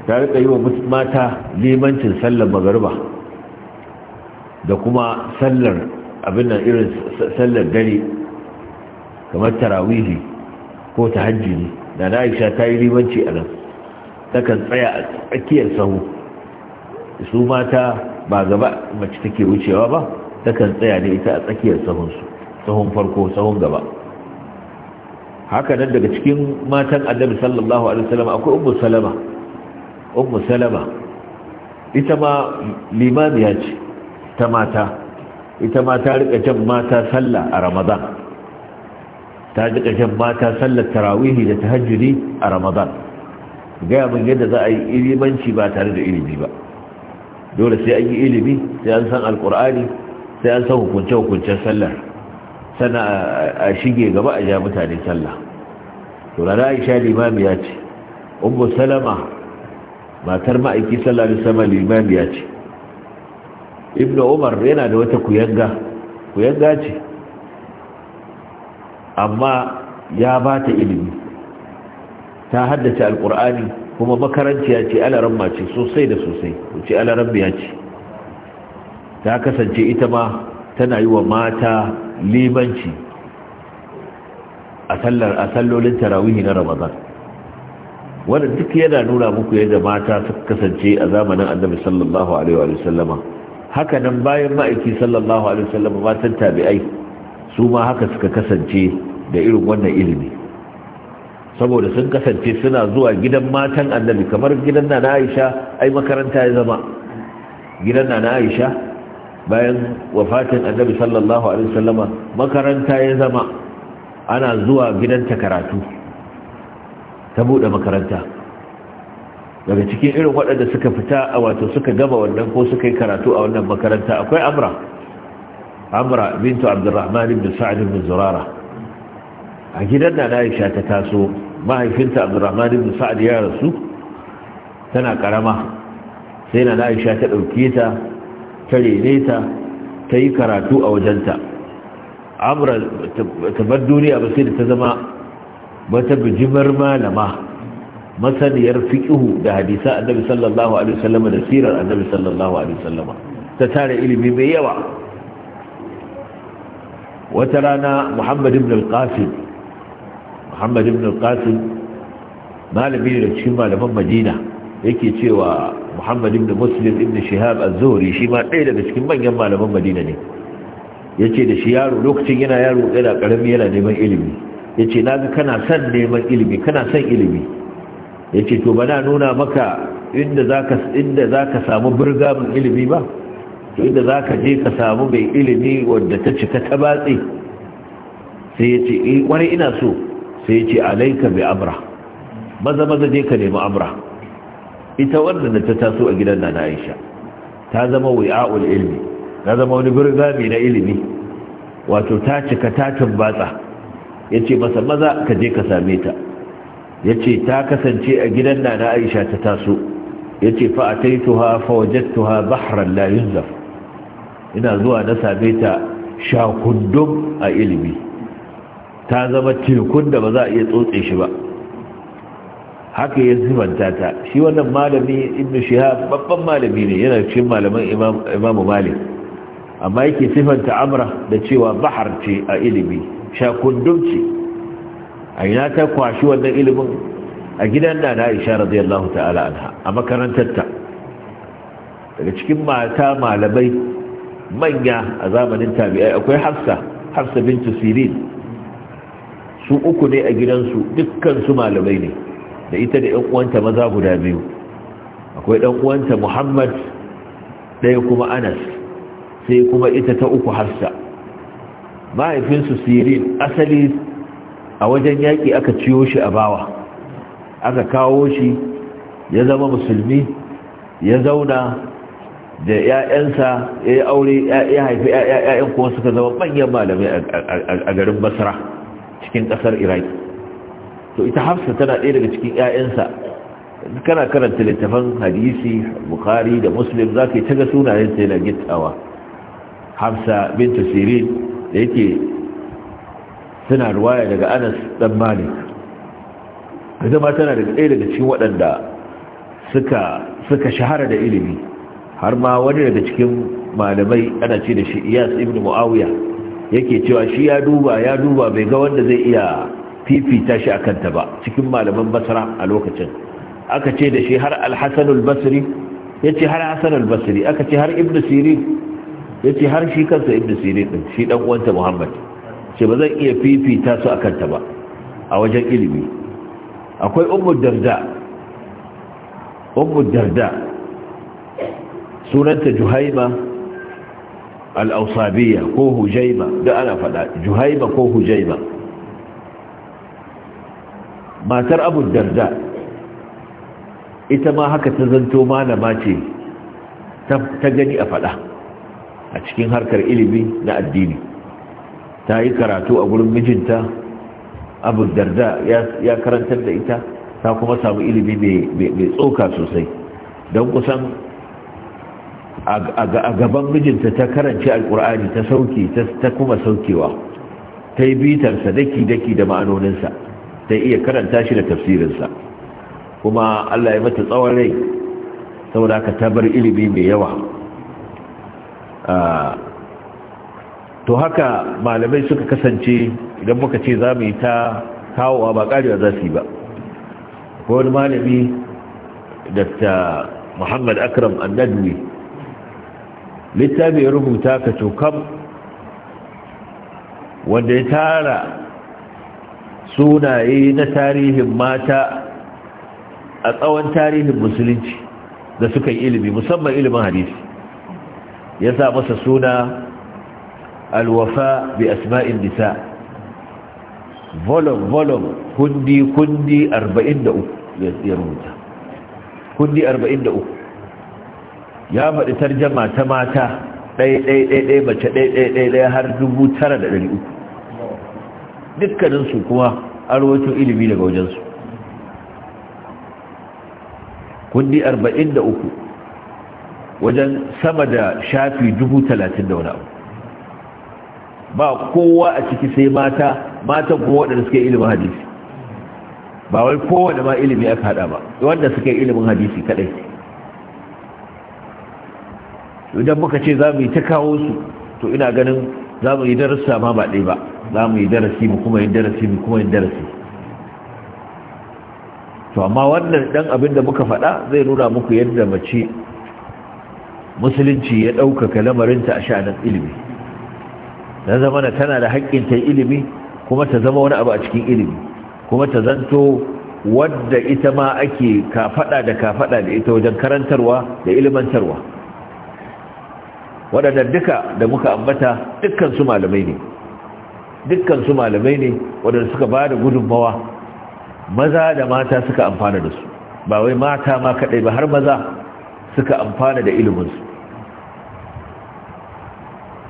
ta rika yi wa mata limancin sallar magariba da kuma sallar abin nan irin sallar dare kamar tarawihi ko ta hajji ne da na aisha ta yi limanci a nan takan tsaya a tsakiyar sahu su mata ba gaba mace take wucewa ba takan tsaya ne ita a tsakiyar sahunsu sahun farko sahun gaba haka nan daga cikin matan annabi sallallahu alaihi wasallam akwai ummu salama ummu salama ita ma limamiya ce ta mata ita ma ta rika jan mata sallah a ramadan ta rika jan mata sallar tarawihi da tahajjudi a ramadan gaya min yadda za a yi ilimanci ba tare da ilimi ba dole sai an yi ilimi sai an san alkur'ani sai an san hukunce-hukuncen sallar sana a shige gaba a ja mutane sallah turana aisha limamiya ce umar salama matar ma'aiki sallar sama limamiya ce ibn umar yana da wata kuyanga kuyanga ce amma ya ba ta ilimi ta haddace alkur'ani kuma makarantiya ce alaramma mace sosai da sosai wuce alarammiya ce ta kasance ita ma tana yi wa mata limanci a sallolin tarawihi na ramadan wanda duk yana nuna muku yadda mata suka kasance a zamanin annabi sallallahu alaihi wa sallama haka nan bayan ma'aiki sallallahu alaihi wa sallama matan tabi'ai su ma haka suka kasance da irin wannan ilimi saboda sun kasance suna zuwa gidan matan annabi kamar gidan na aisha ai makaranta ya zama gidan na aisha bayan wafatin annabi sallallahu alaihi wasallama makaranta ya zama ana zuwa gidanta karatu ta buɗe makaranta daga cikin irin waɗanda suka fita a wato suka gama wannan ko suka yi karatu a wannan makaranta akwai amra amra bintu abdurrahman ibn sa'ad ibn zurara a gidan da Aisha ta taso mahaifinta abdurrahman ibn sa'ad ya rasu tana karama sai na aisha ta ɗauke ta ta rene ta ta yi karatu a wajenta amra ta bar duniya ba sai da ta zama wata bijimar malama masaniyar fiƙihu da hadisa annabi sallallahu alaihi wasallam da sirar annabi sallallahu alaihi wasallam ta tare ilimi mai yawa wata rana muhammad ibn al-qasim Muhammadu ibn al-qasim malami ne da cikin malaman madina yake cewa Muhammadu ibn muslim ibn shihab az-zuhri shi ma ɗaya daga cikin manyan malaman madina ne yace da shi yaro lokacin yana yaro da karami yana neman ilimi yace ga kana son neman ilimi kana son ilimi yace to bana nuna maka inda zaka samu birgamin ilimi ba to inda zaka je ka samu mai ilimi wanda ta cika ta batse sai yace e eh, kwarai ina so sai ce alaika bi amra maza maza je ka nemi amra ita wanda da ta taso a gidan nana Aisha ta zama wi'a'ul ilmi ta zama wani birgami na ilimi wato ta cika ta tumbatsa ce masa maza ka je ka same ta yace ta kasance a gidan nana Aisha ta taso yace fa ataituha fa wajadtuha bahran la Zaf? ina zuwa na same ta shakundum a ilimi ta zama tekun da ba za a iya tsotse shi ba haka ya zimanta ta shi wannan malami ibn shihab babban malami ne yana cikin malaman imamu malik amma yake sifanta amra da cewa bahar ce a ilimi shakundum ce a ina ta kwashi wannan ilimin a gidan da na isha radiyallahu ta'ala anha a makarantarta daga cikin mata malamai manya a zamanin tabi'ai akwai hafsa hafsa bintu sirin su uku ne a gidansu dukkan malamai ne da ita da ɗan uwanta maza guda biyu akwai ɗan uwanta muhammad ɗaya kuma anas sai kuma ita ta uku harsa mahaifinsu sirin asali a wajen yaƙi aka ciyo shi a bawa aka kawo shi ya zama musulmi ya zauna da ‘ya'yansa ya yi aure ya haifi ‘ya'yan kuma suka zama manyan malamai a garin basra cikin ƙasar iraki to ita hafsa tana ɗaya daga cikin 'ya'yansa kana karanta littafan hadisi bukari, da muslim za ka yi ta ga sunayen sai na gittawa hafsa binta tasirin da yake suna ruwaya daga anas dan malik ita ma tana daga ɗaya daga cikin waɗanda suka suka shahara da ilimi har ma wani daga cikin malamai ana ce da shi iyas ibn muawiya yake cewa shi ya duba ya duba bai ga wanda zai iya fifita shi akan ta ba cikin malaman basra a lokacin aka ce da shi har al-hasan Ya ce har hasan al-basri aka ce har Ibn sirin yace har shi kansa Ibn sirin din shi dan uwanta muhammad ce ba zan iya fifita su akan ta ba a wajen ilimi akwai ummu darda ummu darda sunanta juhaima al'ausabiya ko hujaima da ana ko hujaiba matar abin darda ita ma haka ta zanto malama ce ta gani a faɗa a cikin harkar ilimi na addini ta yi karatu a gurin mijinta Abin darda ya karantar da ita ta kuma samu ilimi mai tsoka sosai don kusan a gaban mijinta ta karanci alkur'ani ta sauke ta kuma saukewa ta yi bitarsa daki-daki da ma'anoninsa ta iya karanta shi da tafsirinsa kuma allah ya mata tsawon rai saboda ka tabar ilimi mai yawa to haka malamai suka kasance idan muka ce za mu yi ta kawowa ba karewa za su yi ba ko wani malami dr muhammad akram ne. littafi ya rubuta ka cokam wanda ya tara sunaye na tarihin mata a tsawon tarihin musulunci da suka yi ilimi musamman ilimin hadisi ya sa masa suna alwafa bi asma'in nisa volum volum kundi kundi 43 ya rubuta kundi 43 ya faɗi tarjama ta mata ɗaiɗaiɗaiɗai mace ɗaiɗaiɗaiɗai har dubu tara da ɗari uku dukkaninsu kuma arwacin ilimi daga wajensu kundi arba'in da uku wajen sama da shafi dubu talatin da wani abu ba kowa a ciki sai mata matan kuma waɗanda suke ilimin hadisi ba wai kowane ma ilimi aka haɗa ba wanda suke ilimin hadisi kaɗai idan muka ce za mu yi ta kawo su to ina ganin za mu yi darasa ma ba ɗaya ba za mu yi darasi mu kuma yi darasi mu kuma yi darasi to amma wannan ɗan abin da muka faɗa zai nuna muku yadda mace musulunci ya ɗaukaka lamarinta a sha'anin ilimi na zama na tana da haƙƙin ta ilimi kuma ta zama wani abu a cikin ilimi kuma ta zanto wadda ita ma ake kafaɗa da kafaɗa da ita wajen karantarwa da ilimantarwa Waɗanda duka da muka ambata dukkan su malamai ne dukkan su malamai ne waɗanda suka ba da gudunmawa maza da mata suka amfana da su ba wai mata ma kaɗai ba har maza suka amfana da iliminsu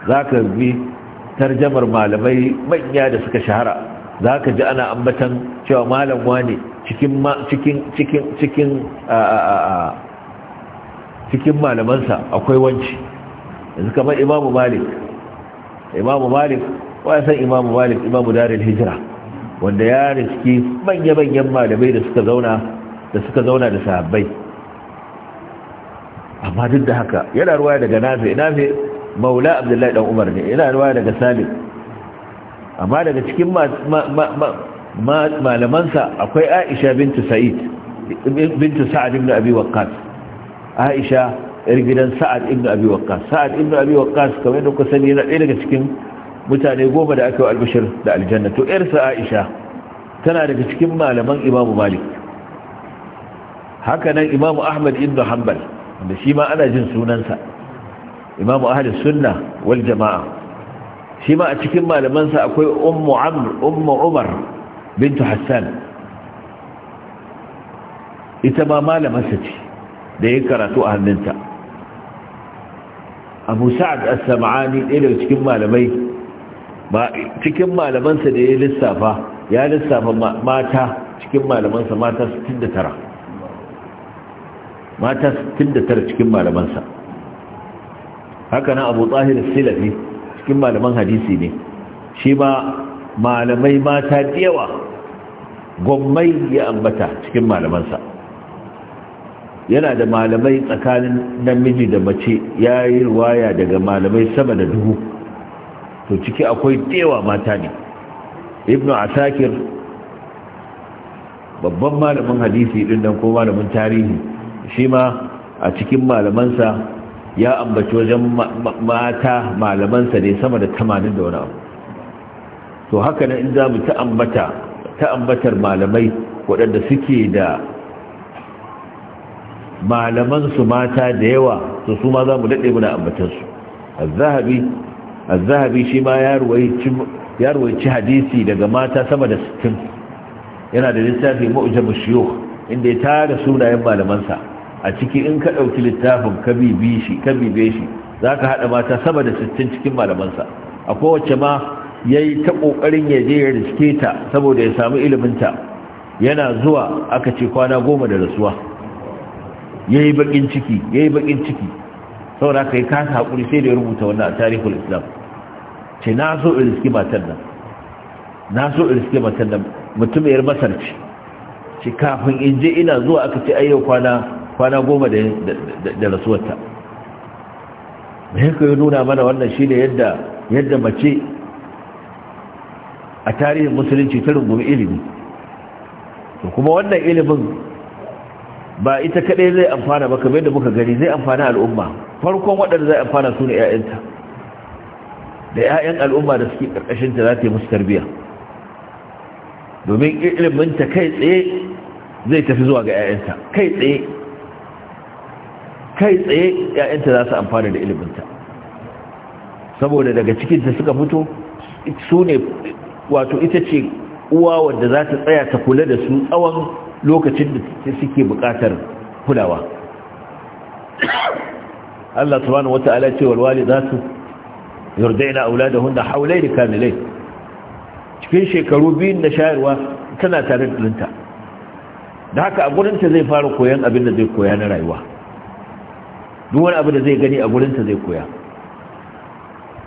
za ka bi tarjamar malamai manya da suka shahara za ka ji ana ambatan cewa malam wane cikin cikin malamansa akwai wanci yanzu kamar imamu malik imamu malik wa san imamu malik imamu daril hijira wanda ya riski manya-manyan malamai da suka zauna da suka zauna da sahabbai amma duk da haka yana ruwa daga nafi nafi maula abdullahi dan umar ne yana ruwa daga salim amma daga cikin malamansa akwai aisha bintu sa'id bintu sa'ad ibn abi waqqas aisha yar gidan sa'ad ibn abi waqqas sa'ad ibn abi waqqas kamar yadda kuka sani yana ɗaya daga cikin mutane goma da aka yi albishir da aljanna to yar sa aisha tana daga cikin malaman imam malik haka nan imam ahmad ibn hanbal wanda shi ma ana jin sunansa imam ahli sunna wal jama'a shi ma a cikin malamansa akwai ummu amr ummu umar bintu hassan ita ma malamarsa ce da ya karatu a hannunta abu sa'ad as-sam'ani ɗaya daga cikin malamai cikin malamansa da ya lissafa ya lissafa mata cikin malamansa mata 69 mata 69 cikin malamansa haka nan abu tsahir silafi cikin malaman hadisi ne shi ma malamai mata da yawa gwammai ya ambata cikin malamansa yana da malamai tsakanin namiji da mace ya yi ruwaya daga malamai sama da duhu to ciki akwai tewa mata ne ibn asakir babban malamin hadisi din nan ko malamin tarihi shi ma a cikin malamansa ya ambaci wajen mata malamansa ne sama da tamanin da wani abu to haka nan in za mu ta ambata ta ambatar malamai waɗanda suke da malaman su mata da yawa to su ma za mu daɗe muna ambatansu A zahabi, shi ma ya ruwaici hadisi daga mata sama da 60 yana da littafi mu'jamu shuyukh inda ya tara sunayen malamansa a ciki in ka ɗauki littafin kabibe shi shi za ka haɗa mata sama da 60 cikin malamansa a kowace ma ya yi ta ƙoƙarin ya je ya riske ta saboda ya samu iliminta yana zuwa aka ce kwana goma da rasuwa yayi bakin ciki yi bakin ciki saboda yi kasa hakuri sai da ya rubuta wannan a tarihul islam ce na so in riski matan nan na so in riski matan nan 'yar masar ce ce kafin in je ina zuwa aka ce ayyau kwana kwana goma da da rasuwarta me yake nuna mana wannan shi yadda yadda mace a tarihin musulunci ta rungumi ilimi to kuma wannan ilimin ba ita kadai zai amfana ba kamar yadda muka gani zai amfana al'umma farkon waɗanda zai amfana su ne 'ya'yanta da 'ya'yan al'umma da suke ƙarƙashinta za ta yi musu tarbiyya domin ilminta kai tsaye zai tafi zuwa ga 'ya'yanta kai tsaye kai tsaye 'ya'yanta za su amfana da iliminta saboda daga cikinta suka fito su ne wato ita ce uwa wadda za ta tsaya ta kula da su tsawon lokacin da suke buƙatar kulawa Allah subhanahu wata'ala ce wal walidatu yurdaina haulai da kamilay cikin shekaru biyun da shayarwa tana tare da dinta da haka a gurinta zai fara koyan abin da zai koya na rayuwa duk wani da zai gani a gurinta zai koya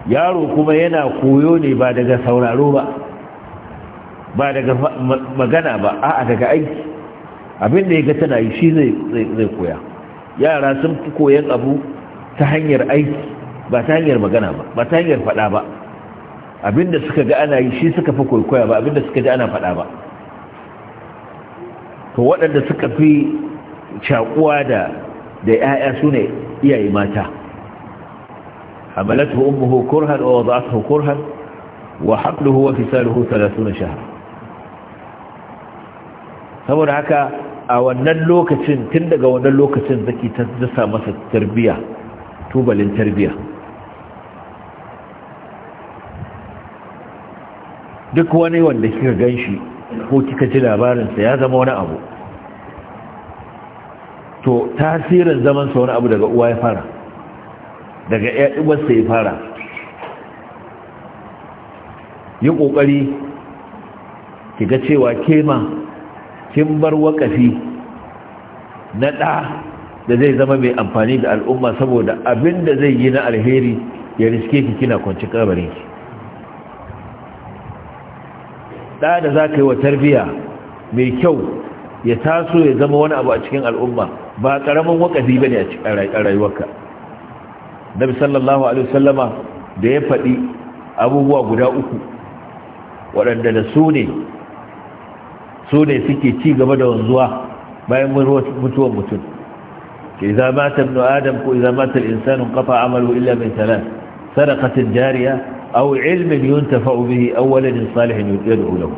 yaro kuma yana koyo ne ba daga sauraro ba ba daga magana ba a'a daga aiki abin da ya ga tana yi shi zai koya yara sun fi koyan abu ta hanyar aiki ba ta hanyar magana ba ba ta hanyar faɗa ba abin da suka ga ana yi shi suka fi koya ba abin da suka ji ana faɗa ba to waɗanda suka fi cakuwa da da 'ya'ya su ne iyaye mata hamalatu ummuhu kurhan wa wada'atuhu kurhan wa hamluhu wa fisaluhu 30 shahra saboda haka a wannan lokacin tun daga wannan lokacin zaki ta masa tarbiya tubalin tarbiya duk wani wanda kika ganshi ko kika ji labarinsa ya zama wani abu to tasirin zamansa wani abu daga uwa ya fara daga uwarsa ya fara yi ƙoƙari ki ga cewa kema kin bar wakafi na ɗa da zai zama mai amfani da al'umma saboda abin da zai yi na alheri ya riske ki kina kwanci kabarin ki ɗa da za ka yi wa tarbiya mai kyau ya taso ya zama wani abu a cikin al'umma ba ƙaramin wakafi ba ne a rayuwarka nabi sallallahu alaihi wasallama da ya faɗi abubuwa guda uku waɗanda da su ne su ne suke ci gaba da wanzuwa bayan mutuwar mutum ke za mata ibn adam ko za kafa amalu illa mai talat sadaqatin jariya aw ilmin yuntafa'u bihi aw waladin salihin yad'u lahu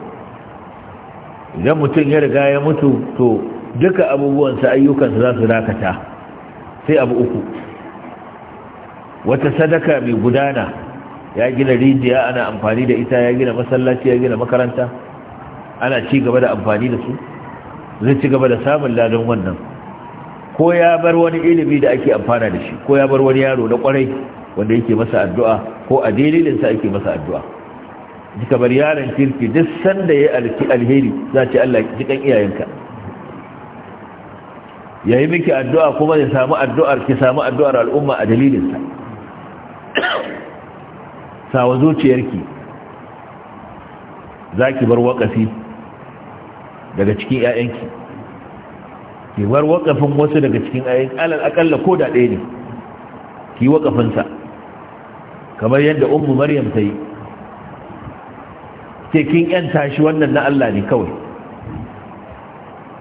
idan mutum ya riga ya mutu to duka abubuwansa ayyukansa za su dakata sai abu uku wata sadaka mai gudana ya gina rijiya ana amfani da ita ya gina masallaci ya gina makaranta ana ci gaba da amfani da su zai ci gaba da samun ladan wannan ko ya bar wani ilimi da ake amfana da shi ko ya bar wani yaro na kwarai wanda yake masa addu'a ko a dalilinsa ake masa addu'a jika bar yaron kirki duk sanda ya alki alheri za ce Allah jikan iyayenka ya yi miki addu'a kuma ya samu addu'ar ki samu addu'ar al'umma a dalilinsa sawa zuciyarki za ki bar wakasi daga cikin 'ya'yanki, ki bar wakafin wasu daga cikin ƴaƴan alal akalla ko da ɗaya ne ki wakafin sa kamar yadda ummu maryam ta yi ce kin yanta shi wannan na Allah ne kawai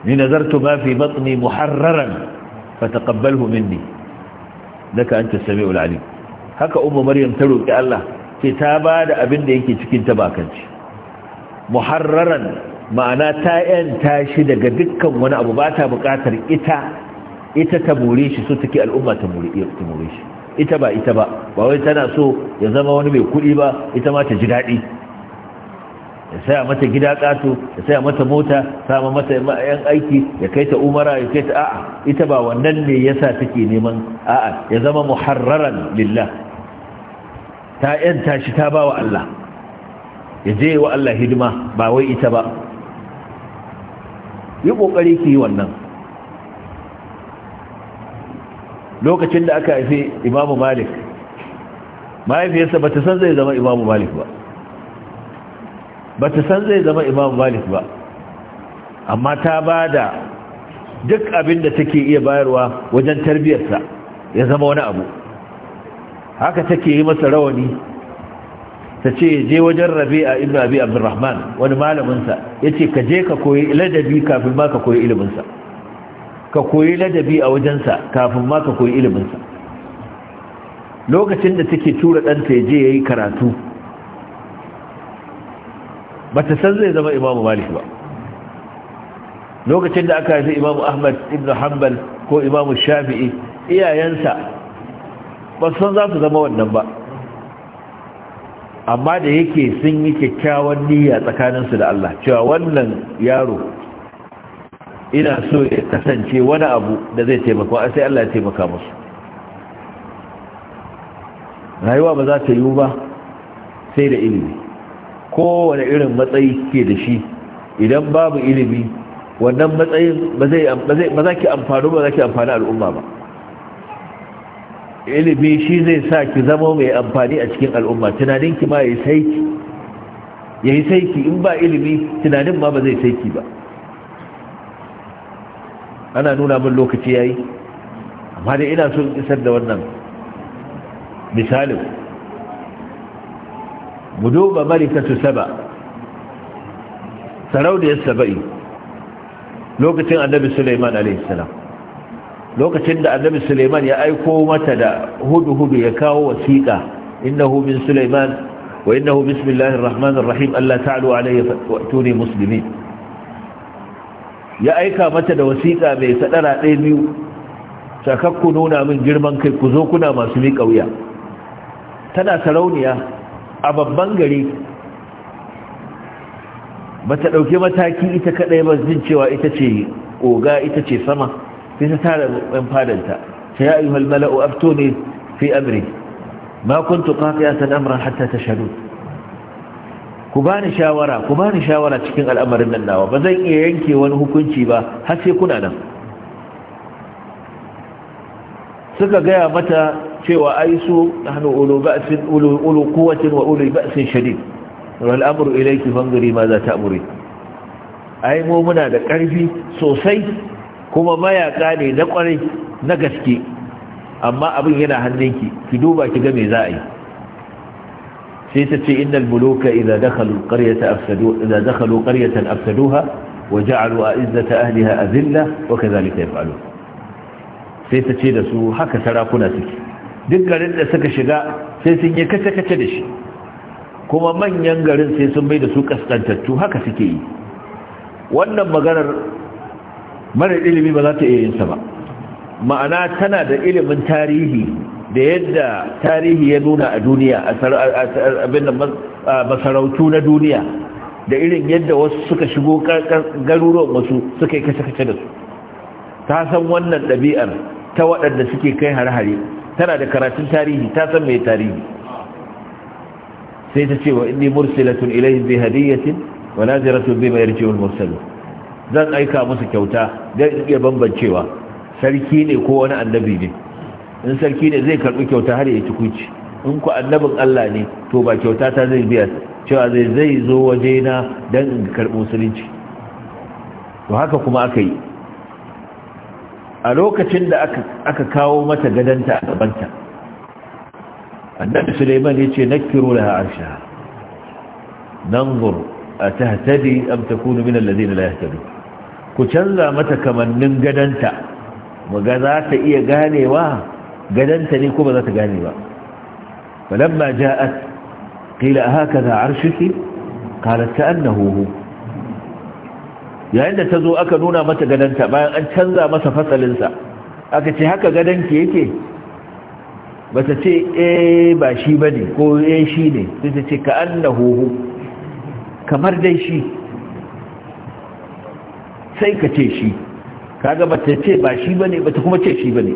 ni nazartu ma fi batni muharraran fataqabbalhu minni laka anta samiul alim haka ummu maryam ta roƙi Allah ce ta bada abin da yake cikin ta bakanci muharraran ma'ana ta yanta shi daga dukkan wani abu ba ta bukatar ita ita ta more shi so take al'umma ta more shi ita ba ita ba ba wai tana so ya zama wani mai kuɗi ba ita ma ta ji daɗi ya saya mata gida ƙato ya saya mata mota sama mata yan aiki ya kai ta umara ya kai ta a'a ita ba wannan ne yasa take neman a'a ya zama muharraran lillah ta yanta shi ta ba wa Allah ya je wa Allah hidima ba wai ita ba yi kokari ki yi wannan lokacin da aka haife imamu malik mahaifiyarsa ba ta san zai zama imamu malik ba ba ta san zai zama imamu malik ba amma ta ba da duk abin da take iya bayarwa wajen tarbiyarsa ya zama wani abu haka take yi masa rawani ta ce je wajen rabi'a ibn abi abdurrahman wani malaminsa ya ce ka je ka koyi ladabi kafin ma ka koyi iliminsa ka koyi ladabi a wajensa kafin ma ka koyi iliminsa lokacin da take tura ɗanta ya je ya yi karatu ba ta san zai zama imamu malik ba lokacin da aka haifi imamu ahmad ibn hanbal ko imamu shafi'i iyayensa ba su san za su zama wannan ba amma da yake sun yi kyakkyawan niyya tsakaninsu da Allah cewa wannan yaro ina so ya kasance wani abu da zai taimaka sai Allah ya taimaka musu rayuwa ba za ta yiwu ba sai da ilimi kowane irin matsayi ke da shi idan babu ilimi wannan matsayin ba za ki amfani ba za ki amfani al'umma ba ilimi shi zai sa ki zama mai amfani a cikin al'umma tunaninki ma ya saiki ya yi saiki in ba ilimi tunanin ma ba zai saiki ba ana nuna min lokaci ya yi amma dai ina son isar da wannan misalin mu duba malikatu saba sarauniyar saba'i lokacin annabi suleiman alaihissalam lokacin da annabi suleiman ya aiko mata da hudu-hudu ya kawo wasiƙa innahu min suleiman wa innahu bismillahir rahmanir rahim Allah ta'alu alayya fatuni muslimin ya aika mata da wasiƙa mai sadara ɗaya biyu sakakku nuna min girman kai ku zo kuna masu miƙa wuya tana sarauniya a babban gari bata ɗauki mataki ita kaɗai ba jin cewa ita ce oga ita ce sama sai ta tara ɗan fadanta ta ya yi mala'u afto ne fi amri ma kuntu qati'atan amran hatta tashhadu ku bani shawara ku bani shawara cikin al'amarin nan nawa ba zan iya yanke wani hukunci ba har sai kuna nan suka gaya mata cewa ai su nahnu ulu ba'sin ulu ulu quwwatin wa ulu ba'sin shadid wal amru ilayki fangari ma za ta'muri ai mu muna da karfi sosai kuma mayaka ne na kwarai na gaske amma abin yana hannunki ki duba ki ga me za a yi sai ta ce innal muluka idza dakhalu qaryatan afsadu idza dakhalu qaryatan afsaduha wa ja'alu a'izzata ahliha azilla wa kadhalika yaf'alu sai ta ce da su haka sarakuna suke duk garin da suka shiga sai sun yi kace kace da shi kuma manyan garin sai sun bai da su kaskantattu haka suke yi wannan maganar mara ilimi ba za ta iya yinsa ba ma'ana tana da ilimin tarihi da yadda tarihi ya nuna a duniya a masarautu na duniya da irin yadda wasu suka shigo garuruwan wasu suka yi kashe-kashe da su ta san wannan ɗabi'ar ta waɗanda suke kai har tana da karatun tarihi ta san mai tarihi sai ta ce wa inni mursilatun ilayhim bi hadiyatin wa naziratun bima yarji'ul mursalun zan aika musu kyauta zai iya bambancewa sarki ne ko wani annabi ne in sarki ne zai karbi kyauta har ya tukunci in ku annabin Allah ne to ba kyauta ta zai biya cewa zai zai zo waje na dan in karbi musulunci to haka kuma aka yi a lokacin da aka kawo mata gadanta a gabanta annabi Sulaiman yace nakiru laha arsha nanzur أتهتدي am takunu min alladhina la يهتدون ku canza mata kamannin gadanta ga za ta iya ganewa gadanta ne ko ba za ta gane ba falamma ja'at qila hakaza arshuki qalat ka'annahu hu yayin da zo aka nuna mata gadanta bayan an canza masa fasalinsa, aka ce haka gadanki yake bata ce eh ba shi bane ko eh shi ne sai ta ce ka'annahu kamar dai shi sai ka ce shi kaga ba ta ce ba shi bane ba ta kuma ce shi bane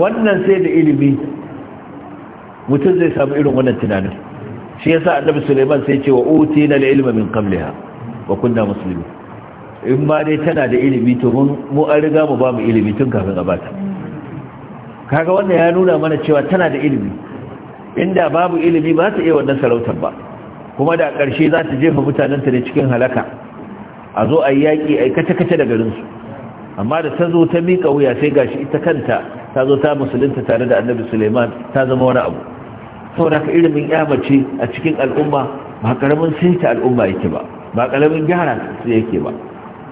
wannan sai da ilimi mutum zai samu irin wannan tunanin shi yasa annabi Sulaiman sai ce wa utina al-ilma min qablaha wa kunna muslimin in ma dai tana da ilimi to mun mu an riga mu ba mu ilimi tun kafin a bata kaga wannan ya nuna mana cewa tana da ilimi inda babu ilimi ba ta iya wannan sarautar ba kuma da ƙarshe za ta jefa mutanenta ne cikin halaka a zo a yaƙi a kace-kace da garinsu amma da ta zo ta miƙa wuya sai gashi ita kanta ta zo ta musulunta tare da annabi suleiman ta zama wani abu saboda ka irin mace a cikin al'umma ba karamin sinta al'umma yake ba ba karamin gyara su yake ba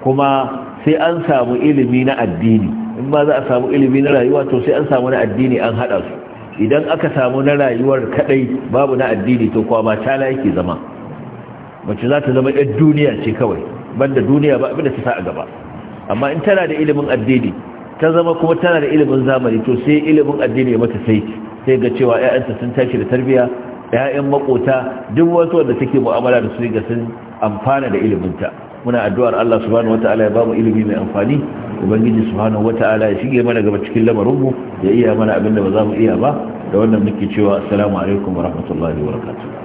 kuma sai an samu ilimi na addini in ba za a samu ilimi na rayuwa to sai an samu na addini an haɗa su idan aka samu na rayuwar kaɗai babu na addini to ma tala yake zama mace za ta zama ɗan duniya ce kawai banda duniya ba abinda ta sa a gaba amma in tana da ilimin addini ta zama kuma tana da ilimin zamani to sai ilimin addini ya mata sai sai ga cewa ƴaƴanta sun tashi da tarbiyya ƴaƴan makota duk wasu wanda take mu'amala da su ga sun amfana da iliminta muna addu'ar Allah subhanahu wata'ala ya bamu ilimi mai amfani ubangiji subhanahu wata'ala ya shige mana gaba cikin lamarin mu ya iya mana abin da ba za mu iya ba da wannan muke cewa assalamu alaikum warahmatullahi wabarakatuh